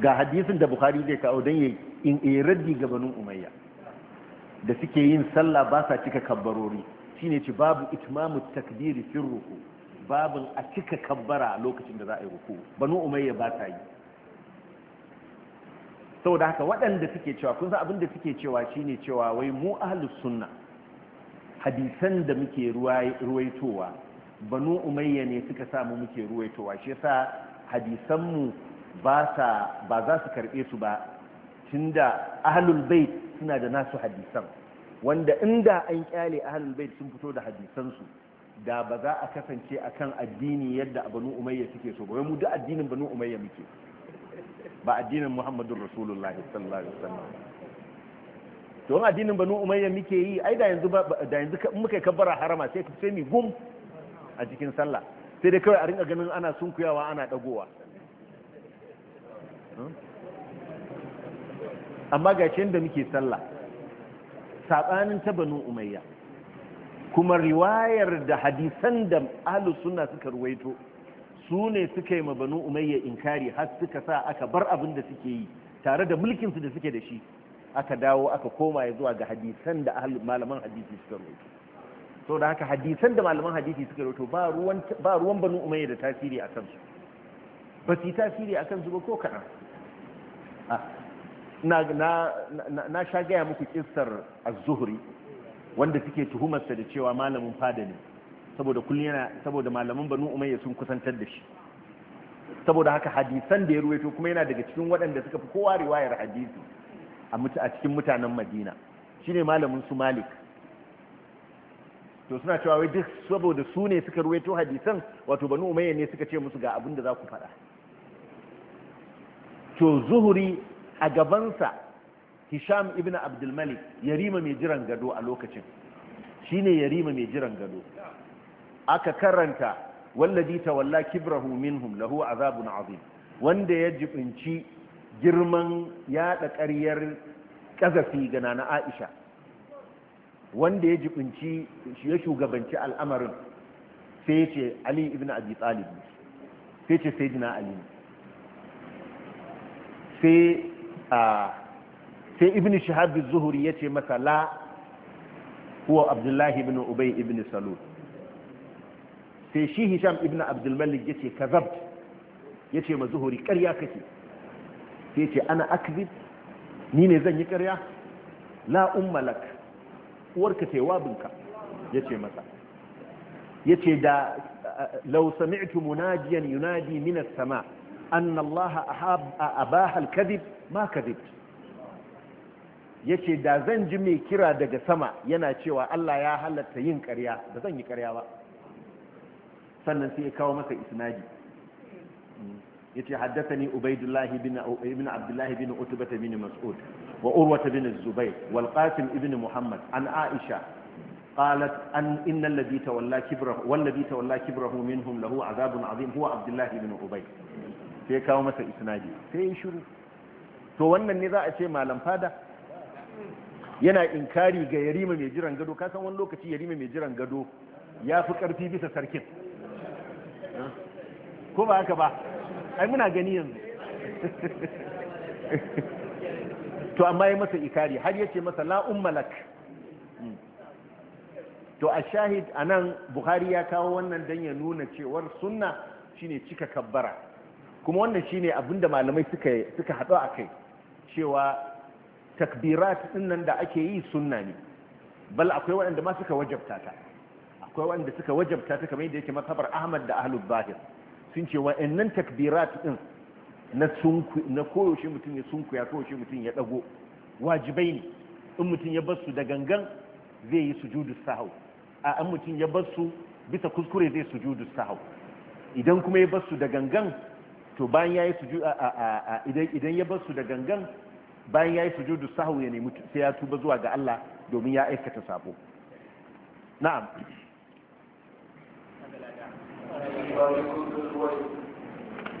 [SPEAKER 1] ga hadisin da bukhari zai kawo dan ya yi raddi ga banu umayya da suke yin sallah ba sa cika kabbarori shine ci babu itmamu takbiri fi ruku babun a cika kabbara lokacin da za a yi ruku banu umayya ba ta yi saboda haka waɗanda suke cewa kun san abin da suke cewa shine cewa wai mu ahlus sunna hadisan da muke ruwaitowa banu umayya ne suka samu muke ruwaitowa shi yasa hadisan mu ba sa ba za su karbe su ba tunda ahlul bait suna da nasu hadisan wanda inda an kyale ahlul bait sun fito da hadisan su da ba za a kasance akan addini yadda banu umayya suke so ba wai mu duk addinin banu umayya muke ba addinin muhammadun rasulullahi sallallahu alaihi wasallam to addinin banu umayya muke yi ai da yanzu da yanzu muka kabbara harama sai sai mi gum a cikin sallah sai dai kawai a rinka ganin ana sunkuyawa ana dagowa hmm? amma ga da muke sallah sabanin ta banu umayya kuma riwayar da hadisan da ahlus sunna suka ruwaito su ne suka yi ma umayya inkari har suka sa aka bar abin da suke yi tare da mulkin su da suke da shi aka dawo aka koma ya zuwa ga hadisan da malaman hadisi suka rubuta to da haka hadisan da malaman hadisi suka rubuta ba ruwan ba ruwan banu umayya da tasiri a kansu ba su tasiri a kansu ba ko kana ah, na na na sha gaya muku kissar az-zuhri wanda suke tuhumarsa da cewa malamin fada ne saboda kullum yana saboda malaman banu umayya sun kusantar da shi saboda haka hadisan da ya ruwaito kuma yana daga cikin waɗanda suka fi kowa riwayar hadisi a cikin mutanen madina shine malamin su malik to suna cewa wai duk saboda su ne suka ruwaito hadisan wato banu umayya ne suka ce musu ga abin da za ku faɗa to zuhuri a gabansa hisham ibn abdulmalik yarima mai jiran gado a lokacin shine yarima mai jiran gado aka karanta wallazi tawalla kibrahu minhum lahu azabun azim wanda ya jibinci girman yada ƙaryar kazafi ga nana Aisha wanda ya jibinci ya shugabanci al'amarin sai ya ce Ali ibn Abi Talib sai ce sayyidina Ali sai a sai ibn Shihab az-Zuhri yace masa la huwa Abdullah ibn Ubay ibn Salul sai shi hisham ibn abdulmalik ya ce kazab ya ce ma zuhuri karya kake sai ce ana akzib ni ne zan yi karya la ummalak uwarka ce wabinka ya ce masa ya ce da lau sami'tu munajiyan yunadi minas sama an Allah a abahal kadib ma kadib ya ce da zan ji mai kira daga sama yana cewa Allah ya halatta yin karya da zan yi karya ba sannan sai ya kawo masa isnadi yace haddathani ubaidullah ibn ibn abdullah ibn utbah ibn mas'ud wa urwa ibn az-zubayr wal qasim ibn muhammad an aisha قالت أن إن الذي تولى كبره والذي تولى كبره منهم له عذاب عظيم هو عبد الله بن أبي sai kawo masa isnadi sai ya shiru to wannan ne za a ce malam fada yana inkari ga yarima mai jiran gado kasan wani lokaci yarima mai jiran gado ya fi karfi bisa sarkin ko ba haka ba ai muna gani yanzu to amma ya masa ikari har yace masa la ummalak to a shahid anan buhari ya kawo wannan dan ya nuna cewar sunna shine cika kabbara kuma wannan shine abinda malamai suka suka a kai cewa takbirat dinnan da ake yi sunna ne bal akwai waɗanda ma suka wajabta ta akwai wanda suka wajabta ta kamar yadda yake mazhabar Ahmad da Ahlul Zahir sun ce wa'annan takbirat din na sunku na koyaushe mutum ya sunku ya koyaushe mutum ya dago wajibai ne in mutum ya bar su da gangan zai yi sujudu sahau a an mutum ya bar su bisa kuskure zai sujudu sahau idan kuma ya bar su da gangan to bayan yayi sujudu a idan idan ya bar su da gangan bayan yayi sujudu sahau ya nemi sai ya tuba zuwa ga Allah domin ya aikata sabo na'am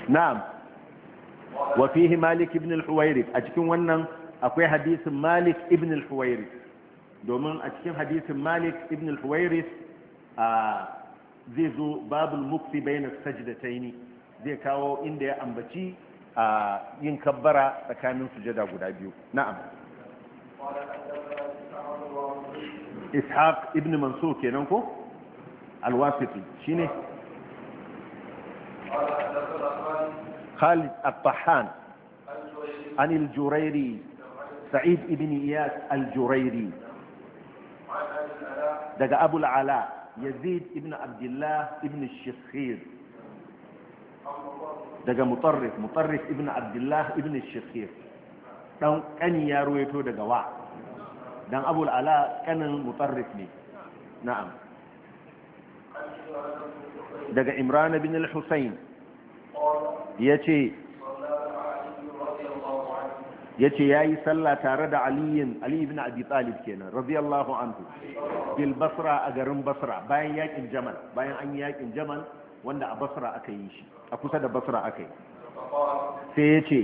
[SPEAKER 1] na'am wa fihi malik ibn al-huwairi a cikin wannan akwai hadisin malik ibn al-huwairi domin a cikin hadisin malik ibn al-huwairi zai zo babul mukti bayna sajdataini zai kawo inda ya ambaci a yin kabbara tsakanin sujada guda biyu na'am ishaq ibn mansur kenan ko alwasiti shi ne khalid al-tahan an sa'id ibn iyas al-jurairi daga abu yazid ibn abdullah ibn shekhir
[SPEAKER 2] daga mutarrif
[SPEAKER 1] mutarrif ibn abdullah ibn shekhir don kani ya ruwaito daga wa don Abul'ala al’ala kanin ne na'am daga imran bin al-husayn yace yace yayi sallah tare da ali ali ibn abi talib kenan radiyallahu anhu bil basra a garin basra bayan yakin jamal bayan an yi yakin jamal wanda a basra aka yi shi a kusa da basra aka yi sai yace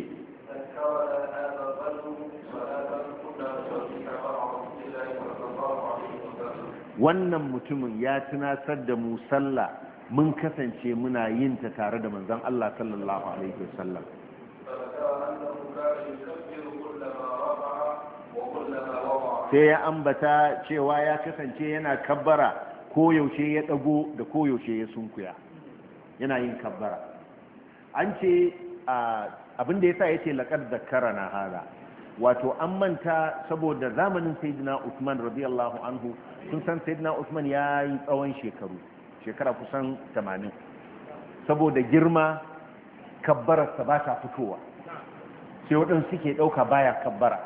[SPEAKER 1] wannan mutumin ya tunatar da mu sallah mun kasance muna yin ta tare da manzon Allah sallallahu alaihi wasallam sai ya ambata cewa ya kasance yana kabbara ko yaushe ya dago da ko yaushe ya sunkuya yana yin kabbara an ce ah, abin da ya sa ya ce laƙar zakara na hada wato an manta saboda zamanin sayyidina Usman radiyallahu anhu sun san sayyidina Usman ya yi tsawon shekaru shekara kusan 80 saboda girma kabbararsa ba ta fitowa sai waɗansu suke ɗauka baya kabbara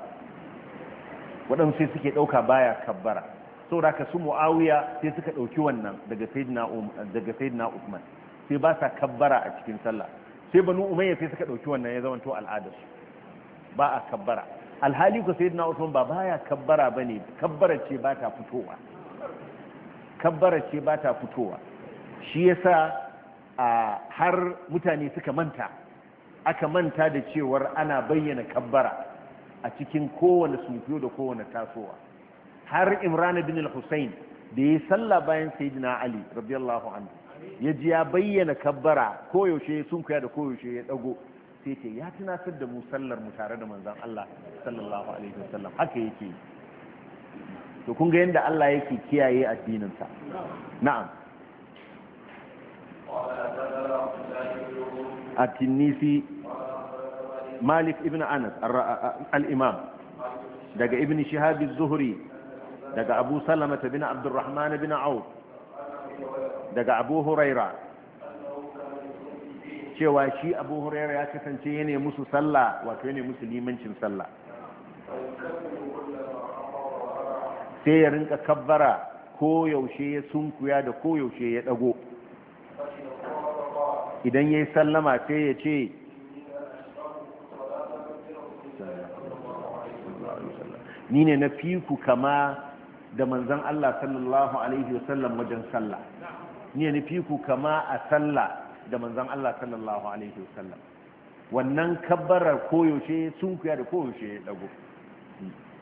[SPEAKER 1] waɗansu sai suke ɗauka baya kabbara da ka su mu'awiya sai suka ɗauki wannan um, daga sayyidina Usman sai ba sa kabbara a cikin sallah sai banu umayya sai suka ɗauki wannan ya zama to al'adarsu ba a kabbara alhali ku sayyidina usman ba baya kabbara ba bane kabbara ce ba ta fitowa kabbara ce ba ta fitowa shi yasa sa har mutane suka manta aka manta da cewar ana bayyana kabbara a cikin kowane sunfiyo da kowane tasowa har imran bin al-husayn da ya salla bayan sayyidina ali radiyallahu anhu ya ji ya bayyana kabbara koyaushe sun kuya da koyaushe ya dago sai ce ya tunatar da mu sallar mu tare da manzon Allah sallallahu alaihi wasallam haka yake to kun ga yanda Allah yake kiyaye addinin sa na'am at-Tinisi Malik ibn Anas al-Imam daga Ibn Shihab az-Zuhri daga Abu Salama bin Abdurrahman bin Auf daga Abu Hurairah cewa shi abu huraira ya kasance ya ne musu sallah wato ya ne musu limancin sallah sai ya rinka kabbara ko yaushe ya sunkuya da ko yaushe ya dago idan ya yi sallama sai ya ce ni ne na fi ku kama da manzan Allah sallallahu Alaihi wasallam wajen sallah ni ne na fi ku kama a sallah da manzan Allah sallallahu alaihi wasallam wannan kabbarar koyaushe kuya da koyaushe ya dago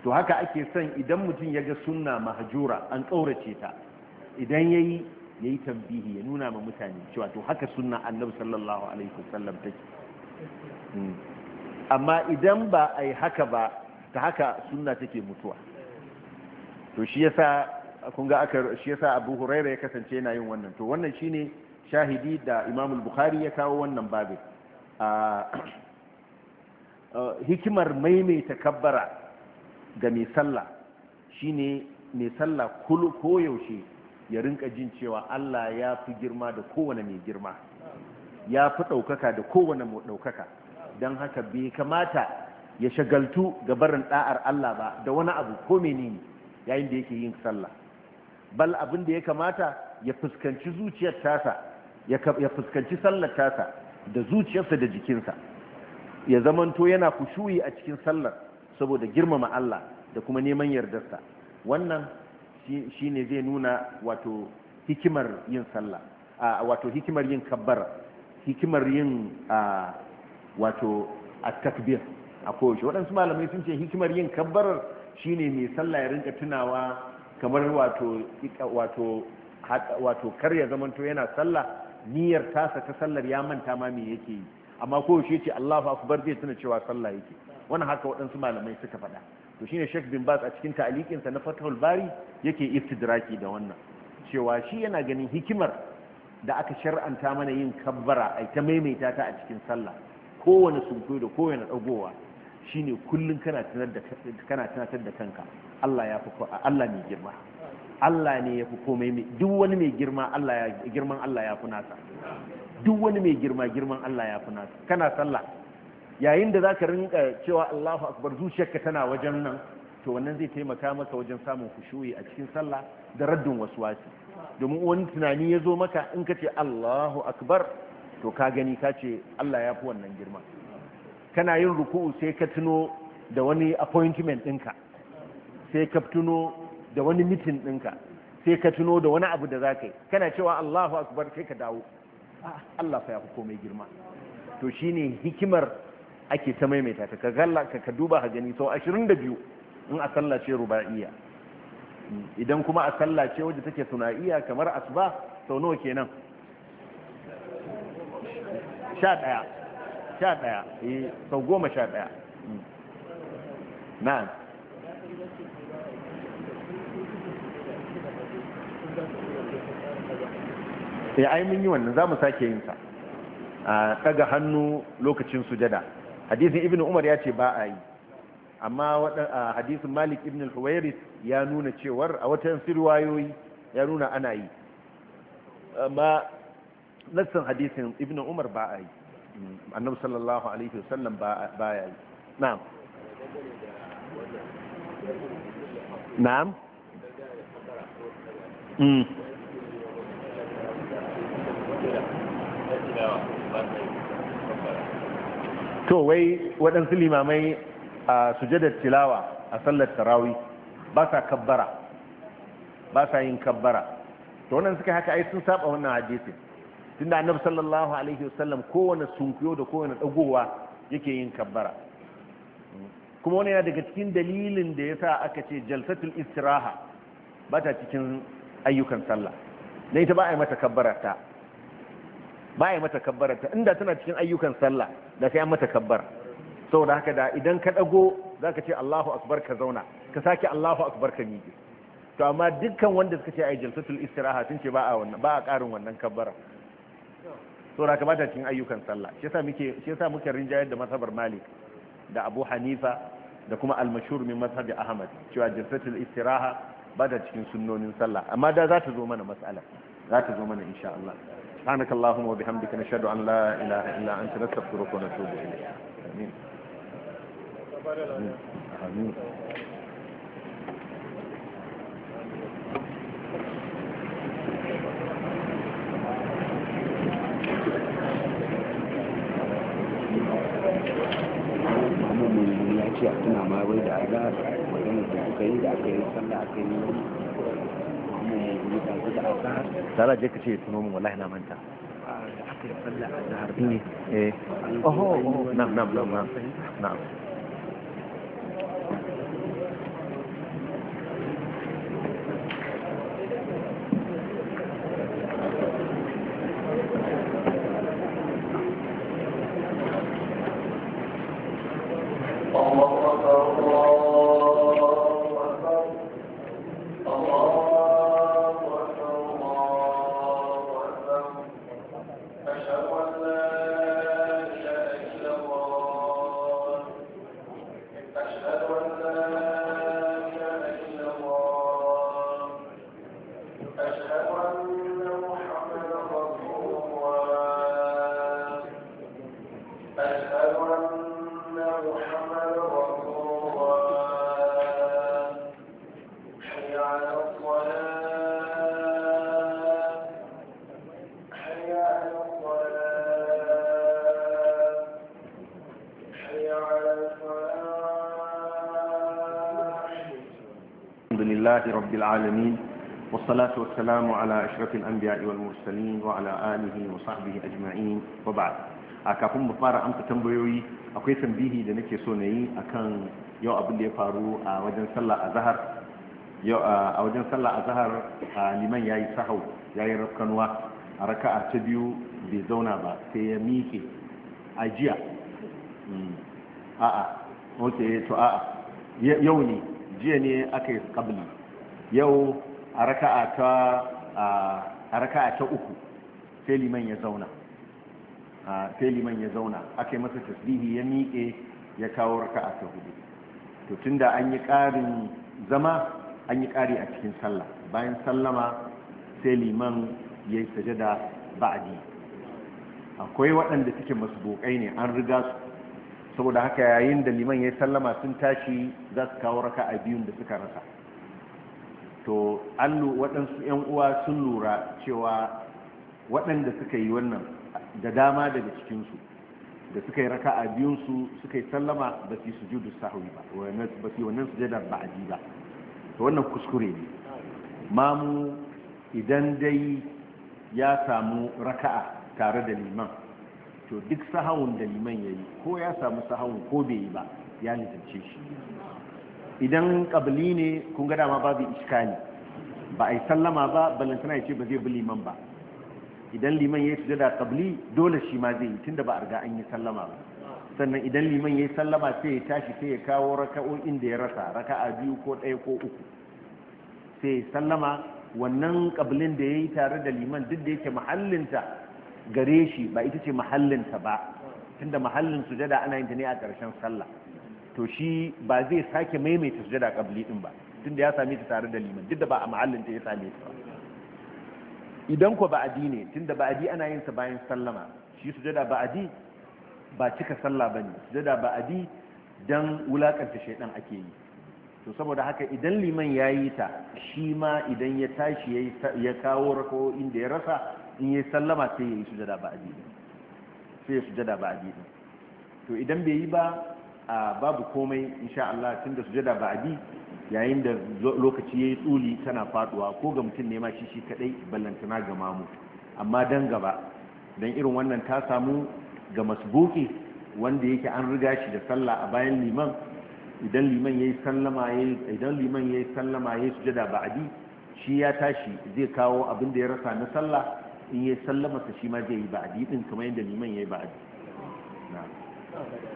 [SPEAKER 1] to haka ake son idan mutum ya ga sunna Mahajura an ƙaurace ta idan ya yi tambihi ya nuna ma mutane cewa to haka sunna annabi sallallahu alaihi wasallam take hmm. amma idan ba a yi haka ba ta haka sunna take mutuwa to shi yasa kun ga aka shi yasa Abu Huraira ya kasance yana yin wannan to wannan shine shahidi da imam bukhari ya kawo wannan babin hikimar maimaita kabbara ga mai sallah shine mai sallah koyaushe ya rinka jin cewa Allah ya fi girma da kowane mai girma ya fi ɗaukaka da kowane mai ɗaukaka don haka bai kamata ya shagaltu ga barin ɗa'ar Allah ba da wani abu ko menene yayin da yake yin sallah bal abin da ya kamata ya fuskanci zuciyar tasa ya fuskanci sallar tasa da zuciyarsa da jikinsa ya zamanto yana kushuyi a cikin sallar saboda girmama Allah da kuma neman yardarsa wannan shi ne zai nuna wato hikimar yin sallah wato hikimar yin kabbar hikimar yin wato a takbir a kowace waɗansu malamai sun ce hikimar yin shi ne mai sallah ya rinka tunawa kamar wato wato wato ya zamanto yana sallah niyyar tasa ta sallar ya manta ma me yake yi amma ko shi ce Allahu akbar zai tuna cewa sallah yake wannan haka waɗansu malamai suka faɗa to shine Sheikh bin Baz a cikin ta'alikin sa na Fathul Bari yake iftidraki da wannan cewa shi yana ganin hikimar da aka shar'anta mana yin kabbara ai ta maimaita ta a cikin sallah kowane sunko da kowane dagowa shine kullun kana tunar da kana tunatar da kanka Allah ya fi Allah ne girma Allah ne ya fi komai duk wani mai girma Allah ya girman Allah ya fi nasa duk wani mai girma girman Allah ya fi nasa kana sallah yayin da zaka rinka cewa Allahu akbar zuciyarka tana wajen nan to wannan zai taimaka maka wajen samun kushuyi a cikin sallah da raddin waswasi domin wani tunani ya zo maka in ka ce Allahu akbar to ka gani ka ce Allah ya fi wannan girma kana yin ruku'u sai ka tuno da wani appointment ɗinka sai ka tuno da wani mitin ɗinka sai ka tuno da wani abu da za ka yi kana cewa Allahu akbar sai ka dawo Allah fa ya fi komai girma to shine hikimar ake ta maimaita ta kagalla ka duba ka gani sau ashirin da biyu in a sallace idan kuma a sallace ce wadda take sunaiya kamar asuba sau nawa kenan ɗaya sha ɗaya eh, sau goma sha ɗaya hmm. na'am sai ai mun yi wannan za mu sake yin sa a daga hannu lokacin sujada hadisin ibnu umar ya ce ba a yi amma hadisin malik ibn al-huwairis ya nuna cewar a wata sirwayoyi ya nuna ana yi amma nassan hadisin ibn umar ba a yi annabi sallallahu alaihi wasallam ba ya yi na'am na'am hmm. to wai waɗansu limamai a sujadar tilawa a sallar tarawi ba sa kabbara ba sa yin kabbara to wannan suka haka ai sun saba wannan hadisi tunda annabi sallallahu alaihi wasallam kowane sunkuyo da kowane dagowa yake yin kabbara kuma wani yana daga cikin dalilin da yasa aka ce jalsatul istiraha ba ta cikin ayyukan sallah na ita ba a yi mata kabbara ta baya mata kabbara ta inda tana cikin ayyukan sallah da sai an mata kabbara saboda haka da idan ka dago zaka ce Allahu akbar ka zauna ka sake Allahu akbar ka miƙe to amma dukkan wanda suka ce ai jalsatul istiraha sun ce ba a wannan ba a ƙarin wannan kabbara saboda haka ba ta cikin ayyukan sallah shi yasa muke shi yasa muke rinjayar da mazhabar Malik da Abu Hanifa da kuma al-mashhur min mazhabi Ahmad cewa jalsatul istiraha ba ta cikin sunnonin sallah amma da za ta zo mana mas'ala za ta zo mana insha Allah سبحانك اللهم وبحمدك نشهد أن لا إله إلا أنت نستغفرك ونتوب إليك آمين آمين, آمين. ya tuna ma wai da azhar wajen da suka yi da aka yi sallah aka yi Sala je ka ce tuno mun wallahi na manta. Ah, eh. Oh, na'am na'am na'am. Na'am. لله رب العالمين والصلاة والسلام على أشرف الأنبياء والمرسلين وعلى آله وصحبه أجمعين وبعد أكافم مفارة أمت تنبيوي أكوي تنبيهي لنكي سوني أكان يو أبن لي فارو وجن صلى أزهر يو وجن صلى أزهر لمن ياي سحو ياي ركنوا ركعة تبيو بزونا با سيميكي أجيا a'a ok to a'a yau ne jiya ne aka yi kabli yau a raka'a ta ta uku sai liman ya zauna sai liman ya zauna aka yi masa tasbihi ya miƙe ya kawo raka'a ta hudu to tunda an yi ƙarin zama an yi ƙari a cikin sallah bayan sallama sai liman ya yi sajada ba'adi akwai waɗanda suke masu bokai ne an riga su saboda haka yayin da liman ya yi sallama sun tashi za su kawo raka'a biyun da suka rasa to waɗansu 'yan uwa sun lura cewa waɗanda suka yi wannan da dama daga cikinsu da suka yi raka a biyunsu suka yi sallama ba su yi su judu sahuri ba ba su yi wannan sujadar ba ji ba to wannan kuskure ne mamu idan dai ya samu raka'a tare da liman to duk sahawun da liman ya yi ko ya samu sahawun ko bai yi ba ya nisance shi idan kabili ne kun gada ma babu iskali ba a yi sallama ba balantana ya ce ba zai bi liman ba idan liman ya yi sujada kabili dole shi ma zai yi tunda ba a riga an yi sallama ba sannan idan liman ya yi sallama sai ya tashi sai ya kawo raka'o'in da ya rasa raka'a biyu ko ɗaya ko uku sai sallama wannan kabilin da ya yi tare da liman duk da yake mahallinta gare shi ba ita ce mahallinta ba tunda mahallin sujada ana yin ta ne a ƙarshen sallah to shi ba zai sake maimaita sujada kabli din ba tunda ya same ta tare da liman duk da ba a ma'allin ta ya same ta ba idan ko ba'adi ne tunda ba'adi ana yin sa bayan sallama shi sujada ba'adi ba cika sallah bane sujada ba'adi dan wulakanta shaydan ake yi to saboda haka idan liman yayi ta shi ma idan ya tashi yayi ya kawo rako inda ya rasa in yayi sallama sai yayi sujada ba'adi sai sujada ba'adi to idan bai yi ba babu komai insha Allah tun da sujada ba abi yayin da lokaci ya yi tsuli tana faduwa ko ga mutum ne ma shi shi kadai ballantana ga mamu amma dan gaba dan irin wannan ta samu ga masbuki wanda yake an riga shi da sallah a bayan liman idan liman yayi sallama yayi idan liman yayi sallama yayi sujada ba abi shi ya tashi zai kawo abin da ya rasa na sallah in yayi sallama sa shi ma zai yi ba abi din kamar yadda liman yayi ba abi
[SPEAKER 2] na'am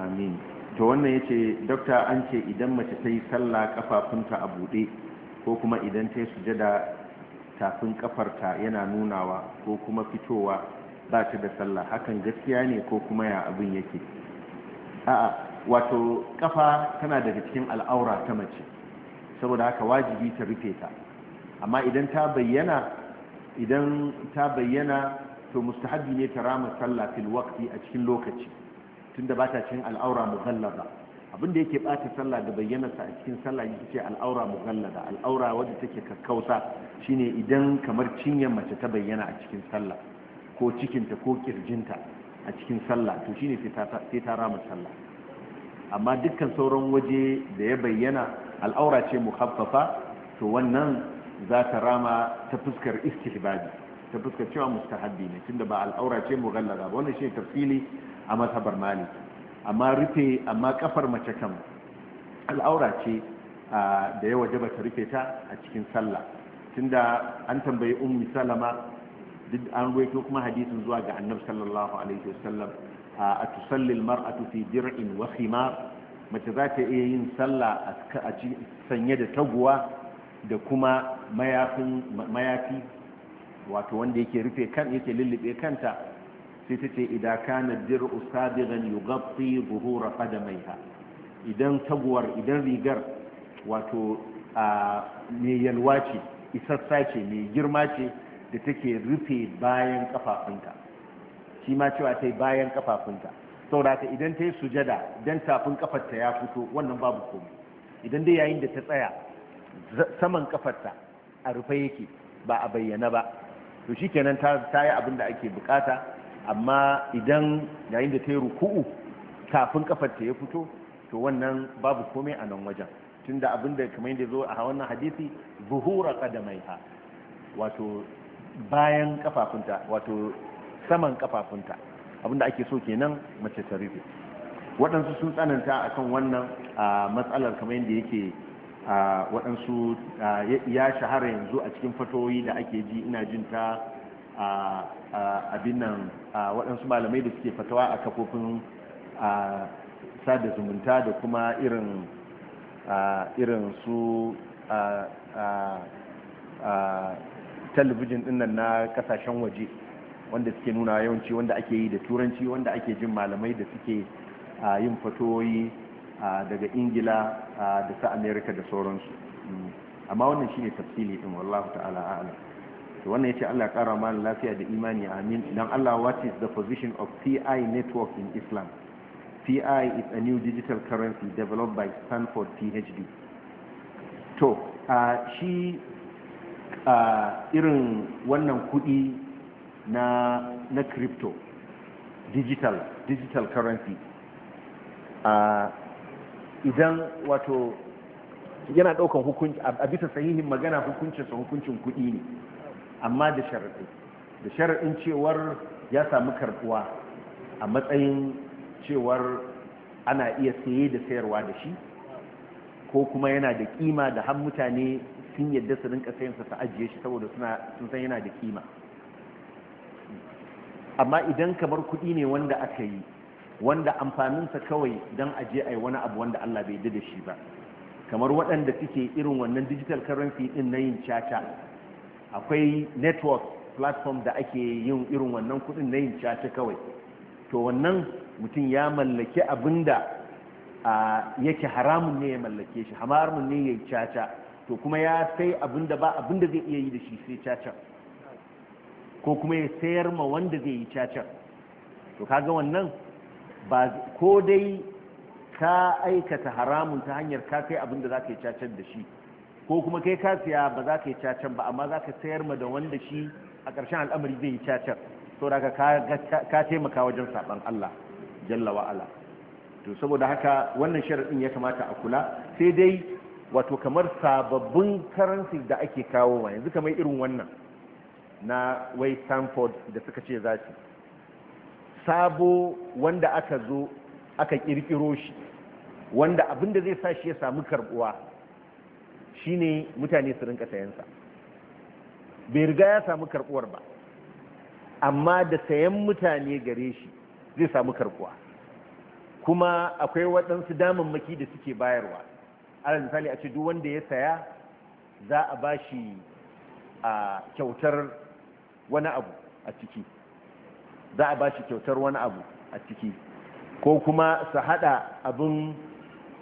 [SPEAKER 1] amin to wannan yace dokta an ce idan mace ta yi sallah kafafunta a buɗe ko kuma idan ta yi sujada tafin kafarta yana nunawa ko kuma fitowa ba ta da sallah hakan gaskiya ne ko kuma ya abin yake a'a wato kafa tana daga cikin al'aura ta mace saboda haka wajibi ta rufe ta amma idan ta bayyana idan ta bayyana to mustahabi ne ta rama sallah fil waqti a cikin lokaci tunda ba ta cikin al'aura mughallaza abin da yake bata sallah da sa a cikin sallah yake ce al'aura mughallaza al'aura wadda take kakkausa shine idan kamar cinyar mace ta bayyana a cikin sallah ko cikinta ko kirjinta a cikin sallah to shine sai ta rama sallah amma dukkan sauran waje da ya bayyana al'aura ce muhaffafa to wannan za ta rama ta fuskar istihbabi ta fuskar cewa mustahabbi ne tunda ba al'aura ce mughallaza ba wannan shine tafsili a mazhabar mali, amma rufe amma kafar mace kan al'aura ce da ya waje ta rufe ta a cikin sallah tunda an tambayi ummi salama duk an ruwaito kuma hadisin zuwa ga annabi sallallahu alaihi wasallam a tusalli mar'atu fi dir'in wa khimar mace za ta iya yin sallah a sanye da taguwa da kuma mayafin mayafi wato wanda yake rufe kan yake lullube kanta sai ta ce idan kana dir'u sabigan yughatti mai ha idan taguwar idan rigar wato a mai yalwa ce isassa ce mai girma ce da take rufe bayan kafafunta shi ma cewa ta bayan kafafunta saurata idan ta yi sujada don tafin kafarta ya fito wannan babu komai idan dai yayin da ta tsaya saman kafarta a rufe yake ba a bayyana ba to shikenan ta yi abin da ake bukata amma idan yayin da ta yi ruku'u kafin kafar ta ya fito to wannan babu komai a nan wajen tunda abin da kamar yadda zo a wannan hadisi zuhura qadamaiha wato bayan kafafunta wato saman kafafunta abinda ake so kenan mace ta rufe waɗansu sun tsananta akan wannan matsalar kamar yadda yake waɗansu ya shahara yanzu a cikin fatoyi da ake ji ina jin ta abin nan waɗansu malamai da suke fatawa a kafofin sada zumunta da kuma irin irin su talabijin dinnan na kasashen waje wanda suke nuna yawanci wanda ake yi da turanci wanda ake jin malamai da suke yin fatoyi daga ingila da ta amerika da sauransu mm. amma wannan shine tafsili din wallahu ta'ala a'lam to wannan ce Allah ya kara mana lafiya da imani amin dan Allah what is the position of pi network in Islam pi is a new digital currency developed by Stanford PhD to shi irin wannan kudi na na crypto digital digital currency idan wato yana daukan hukunci a bisa sahihin magana hukuncinsa hukuncin kudi ne amma da sharaɗi da sharaɗin cewar ya samu karɓuwa, a matsayin cewar ana iya saye da sayarwa da shi ko kuma yana da ƙima da har mutane sun yadda su rinka sayansa su ajiye shi saboda sun san yana da ƙima. amma idan kamar kuɗi ne wanda aka yi wanda amfaninsa kawai don aje a yi wani abu wanda Allah bai da shi ba kamar waɗanda suke irin wannan digital currency ɗin na yin caca akwai network platform da ake yin irin wannan kudin na yin caca kawai to wannan mutum ya mallaki abin da yake haramun ne ya mallake shi haramun ne ya yi caca to kuma ya sai abin ba abin zai iya yi da shi sai caca ko kuma ya sayar ma wanda zai yi caca to kaga wannan ba ko dai ka aikata haramun ta hanyar ka kai abin da za ka yi cacar da shi ko kuma kai ka siya ba za ka yi cacan ba amma za ka sayar ma da wanda shi a ƙarshen al'amari zai yi cacan saboda ka taimaka wajen saɓan Allah jalla allah to saboda haka wannan sharaɗin ya kamata a kula sai dai wato kamar sababbin currency da ake kawo wa yanzu kamar irin wannan na wai stanford da suka ce za su sabo wanda aka zo aka kirkiro shi wanda abinda zai sa shi ya samu karbuwa shine mutane su rinka sayansa bai riga ya samu karbuwar ba amma da sayan mutane gare shi zai samu karbuwa kuma akwai waɗansu damammaki da suke bayarwa ala misali a ce duk wanda ya saya za a ba shi a kyautar wani abu a ciki za a ba shi kyautar wani abu a ciki ko kuma su hada abin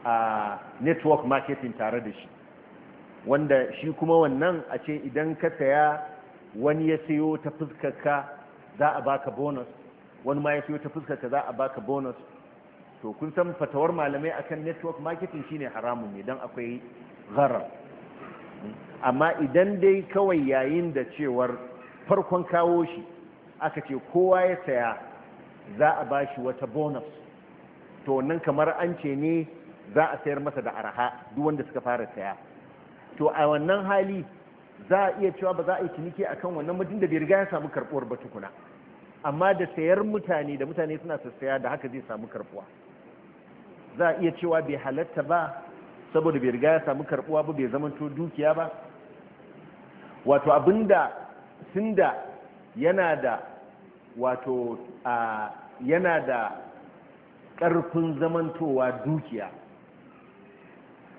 [SPEAKER 1] a network marketing tare da shi wanda shi kuma wannan a ce idan ka saya wani ya sayo ta fuskarka za a baka bonus wani ma ya sayo ta fuskarka za a baka bonus to kun san fatawar malamai akan network marketing shine haramun ne don akwai gharar amma idan dai kawai yayin da cewar farkon kawo shi aka ce kowa ya saya za a ba shi wata bonus to nan kamar an ce ne za a sayar masa da arha duk wanda suka fara saya to a wannan hali za a iya cewa ba za a yi ciniki a kan wannan mutum da bai riga ya samu karɓuwar ba tukuna amma da sayar mutane da mutane suna sassaya da haka zai samu karɓuwa za a iya cewa bai halatta ba saboda bai riga ya samu karɓuwa ba bai zamanto dukiya ba wato abinda da yana da wato a yana da ƙarfin zamantowa dukiya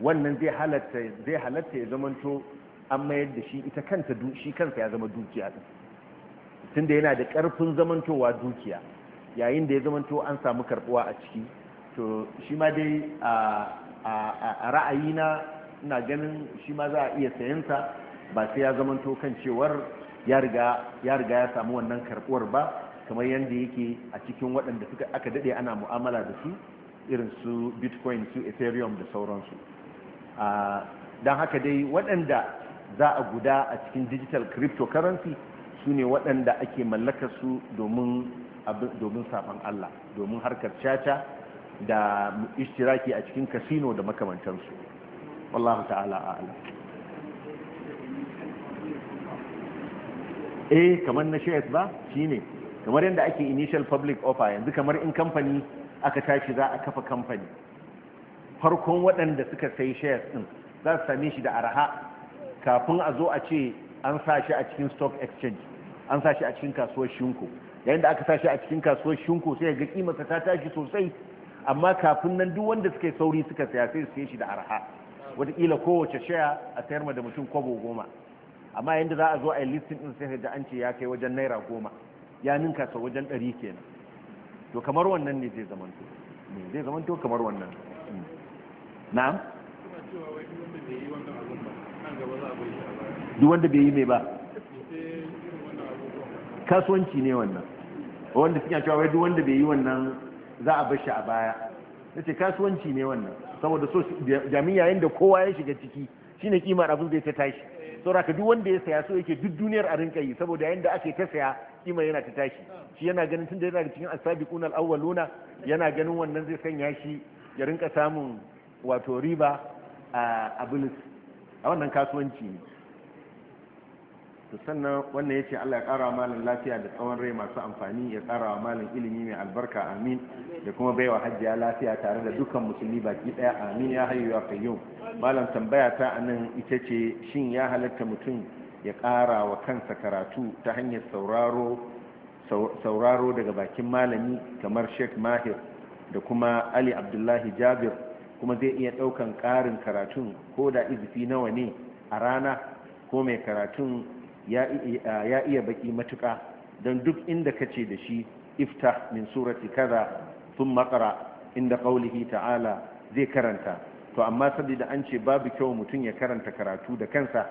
[SPEAKER 1] wannan zai halatta ya zamanto an mayar da shi ita kanta shi kansa ya zama dukiya tunda yana da karfin zamantowa dukiya yayin da ya zamanto an samu karbuwa a ciki to shi ma dai a ra'ayina ina ganin shi ma za a iya sayansa ba sai ya zamanto kan cewar ya riga ya samu wannan karbuwar ba kamar yadda yake a cikin waɗanda suka aka daɗe ana mu'amala da su irin su bitcoin su ethereum da sauransu don haka dai waɗanda za a guda a cikin digital cryptocurrency su ne waɗanda ake mallakar su domin saɓan Allah domin harkar caca da istiraki a cikin casino da makamantansu wallahu ta'ala a'ala eh kamar na shares ba shine kamar yadda ake initial public offer yanzu kamar in kamfani aka tashi za a kafa kamfani farkon waɗanda suka sai shares ɗin za su same shi da araha kafin a zo a ce an sa shi a cikin stock exchange an sa shi a cikin kasuwar shinko yayin da aka sa shi a cikin kasuwar shinko sai ga kimarsa ta tashi sosai amma kafin nan duk wanda suka yi sauri suka saya sai su shi da araha wataƙila kowace shaya a sayar ma da mutum kwabo goma amma yadda za a zo a yi listing ɗin sai da an ce ya kai wajen naira goma ya ninka sau wajen ɗari kenan to kamar wannan ne zai zamanto zai zamanto kamar wannan na'am duk wanda bai yi mai ba kasuwanci ne wannan wanda suke cewa wai duk wanda bai yi wannan za a bashi a baya ce kasuwanci ne wannan saboda so jami'a yayin da kowa ya shiga ciki shine kimar abin zai ta tashi saboda ka duk wanda ya saya so yake duk duniyar a rinka yi saboda yayin da ake ta saya kima yana ta tashi shi yana ganin tunda yana cikin asabiqunal awwaluna yana ganin wannan zai sanya shi ya rinka samun wato riba a bilis a wannan kasuwanci ne to sannan wannan ya ce allah ya karawa malin lafiya da tsawon rai masu amfani ya karawa wa malin ilimi mai albarka amin da kuma baiwa hajjiya lafiya tare da dukkan musulmi baki ɗaya amin ya hayu ya malam tambaya ta a ita ce shin ya halatta mutum ya ƙara wa kansa karatu ta hanyar sauraro sauraro daga bakin malami kamar sheikh mahir da kuma ali abdullahi jabir kuma zai iya ɗaukan ƙarin karatun ko da izifi nawa ne a rana ko mai karatun ya iya baƙi matuka don duk inda ka ce da shi ifta min surati kaza sun makara inda ƙaulihi ta'ala zai karanta to amma saboda an ce babu kyau mutum ya karanta karatu da kansa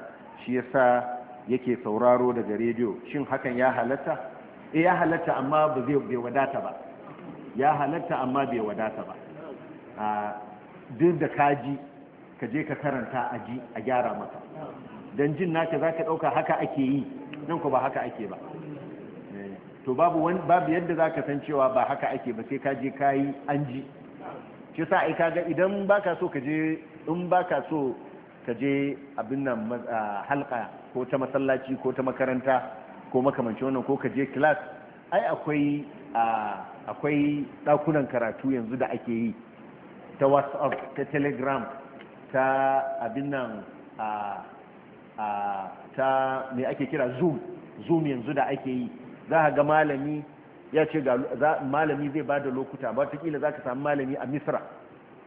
[SPEAKER 1] shi ya sa yake sauraro daga rediyo shin hakan ya halatta eh ya halatta amma ba zai wadata ba ya halatta amma bai wadata ba ah, duk da ka ji ka je ka karanta a ji a gyara maka don jin naka za ka ɗauka haka ake yi nan ku ba haka ake ba eh, to babu yadda za ka san cewa ba haka ake ba sai ka je ka yi an ji shi sa aika ga idan baka so ka je in baka so ka je abin nan halka ko ta masallaci ko ta makaranta ko makamancin wannan ko ka je class ai akwai akwai dakunan karatu yanzu da ake yi ta whatsapp ta telegram ta abin nan ta mai ake kira zoom zoom yanzu da ake yi za a ga malami ya ce malami zai ba da lokuta ba watakila za ka samu malami a misra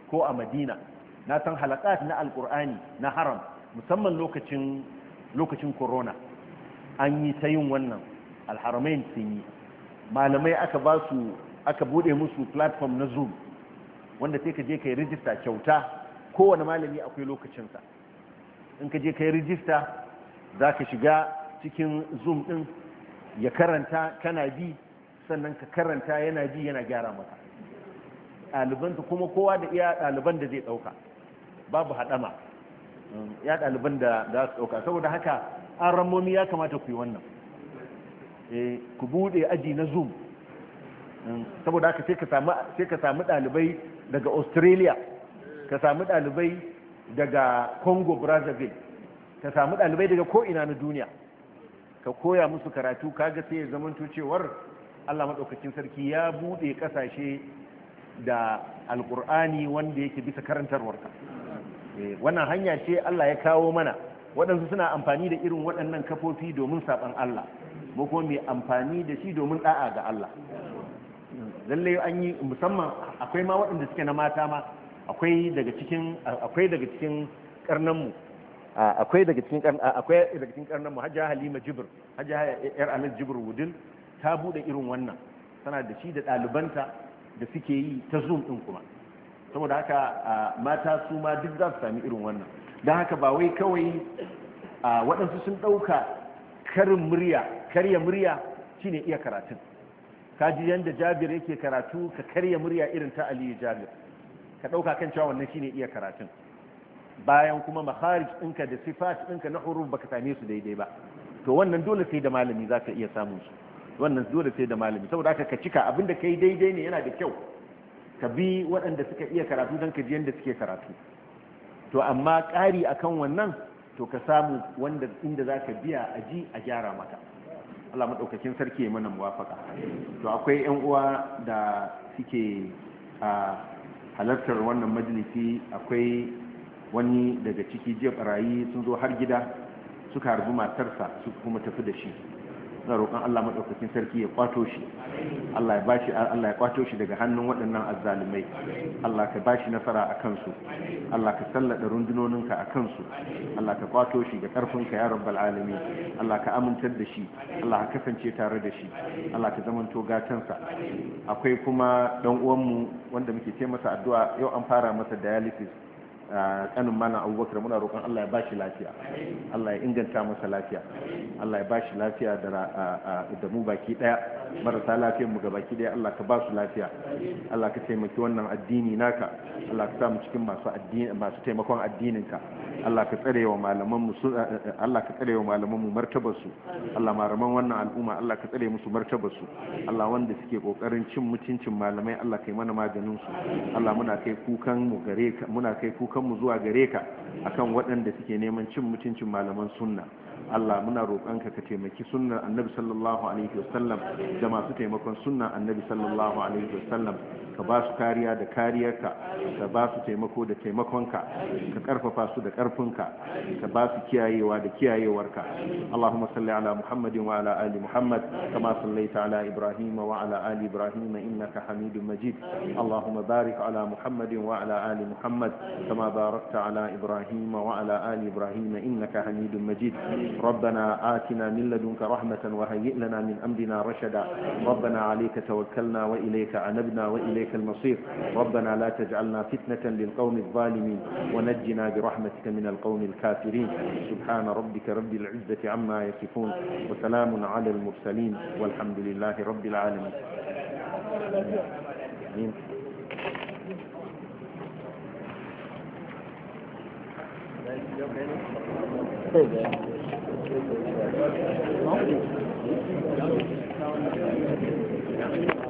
[SPEAKER 1] ko a madina na san halakat na alkur'ani na haram musamman lokacin lokacin corona an yi ta yin wannan alharamain sun yi malamai aka ba su aka bude musu platform na zoom wanda sai ka je ka yi rijista kyauta kowane malami akwai lokacinsa in ka je ka yi rijista za ka shiga cikin zoom din ya karanta kana bi sannan ka karanta yana bi yana gyara maka ɗalibanta kuma kowa da iya ɗaliban da zai ɗauka babu haɗama mm, ya ɗaliban da za su ɗauka saboda haka an ramomi ya kamata ku yi wannan eh, ku buɗe aji na zoom mm, saboda haka sai ka samu ɗalibai daga australia ka samu dalibai daga congo brazzaville ka samu dalibai daga ko'ina na duniya ka koya musu karatu kaga sai ya zamanto cewar allah maɗaukacin sarki ya buɗe ƙasashe da alƙur'ani wanda yake bisa karantarwarka eh, wannan hanya ce allah ya kawo mana waɗansu suna amfani da irin waɗannan kafofi domin saɓan allah mu mai amfani da shi domin ɗa'a ga allah lalle an yi musamman akwai ma waɗanda suke na mata ma akwai daga cikin akwai karnan mu akwai daga cikin karnan akwai daga cikin karnan mu Hajja Halima Jibr Hajja Yar Anas Jibr Wudin ta bude irin wannan tana da shi da ɗalibanta da suke yi ta Zoom ɗin kuma saboda haka mata su ma duk za su sami irin wannan don haka ba wai kawai waɗansu sun ɗauka karin murya karya murya shine iya karatun Ka ji yadda jabir yake karatu ka karya murya irin ta aliyu jabir ka ɗauka kan cewa wannan shine iya karatun bayan kuma makharij ɗinka da sifat ɗinka na huruf baka same su daidai ba to wannan dole sai da malami za ka iya samun su wannan dole sai da malami saboda haka ka cika abin da kai daidai ne yana da kyau ka bi waɗanda suka iya karatu don ka ji yadda suke karatu to amma ƙari akan wannan to ka samu wanda inda za ka biya a ji a gyara maka Allah madaukakin sarki ya mana muwafaka to akwai yan uwa da suke a halartar wannan majalisi akwai wani daga ciki jiya barayi sun zo har gida suka harbi matarsa su kuma tafi da shi na roƙon Allah maɗaukakin sarki ya kwato shi Allah ya bashi kwato shi daga hannun waɗannan azzalumai Allah ka bashi nasara a kansu Allah ka sallada rundunoninka a kansu Allah ka kwato shi ga ƙarfinka ya rabbal alamin Allah ka amintar da shi Allah ka kasance tare da shi Allah ka zamanto gatansa akwai kuma dan wanda muke ce masa addu'a yau an fara masa dialysis kanin mana abubakar muna roƙon Allah ya ba shi lafiya Allah ya inganta masa lafiya Allah ya ba shi lafiya da mu baki ɗaya marasa lafiyar mu baki ɗaya Allah ka ba su lafiya Allah ka taimaki wannan addini naka Allah ka sa mu cikin masu addini masu taimakon addinin ka Allah ka tsare wa malaman mu Allah ka tsare wa malaman mu martabar su Allah malaman wannan al'umma Allah ka tsare musu martabar su Allah wanda suke kokarin cin mutuncin malamai Allah kai mana maganin su Allah muna kai kukan mu gare ka muna kai kukan mu zuwa gare ka akan waɗanda suke neman cin mutuncin malaman sunna Allah muna roƙonka ka taimaki sunnar annabi sallallahu alaihi wasallam da masu taimakon sunnar annabi sallallahu alaihi wasallam ka ba su kariya da kariyarka ka ba su taimako da taimakonka ka karfafa su da karfinka ka ba su kiyayewa da kiyayewarka Allahumma salli ala Muhammadin wa ala ali Muhammad kama sallaita ala Ibrahim wa ala ali Ibrahim innaka Hamidum Majid Allahumma barik ala Muhammadin wa ala ali Muhammad kama باركت على إبراهيم وعلى آل إبراهيم إنك حميد مجيد ربنا آتنا من لدنك رحمة وهيئ لنا من أمرنا رشدا ربنا عليك توكلنا وإليك عنبنا وإليك المصير ربنا لا تجعلنا فتنة للقوم الظالمين ونجنا برحمتك من القوم الكافرين سبحان ربك رب العزة عما يصفون وسلام على المرسلين والحمد لله رب العالمين Thank you.
[SPEAKER 2] Thank you.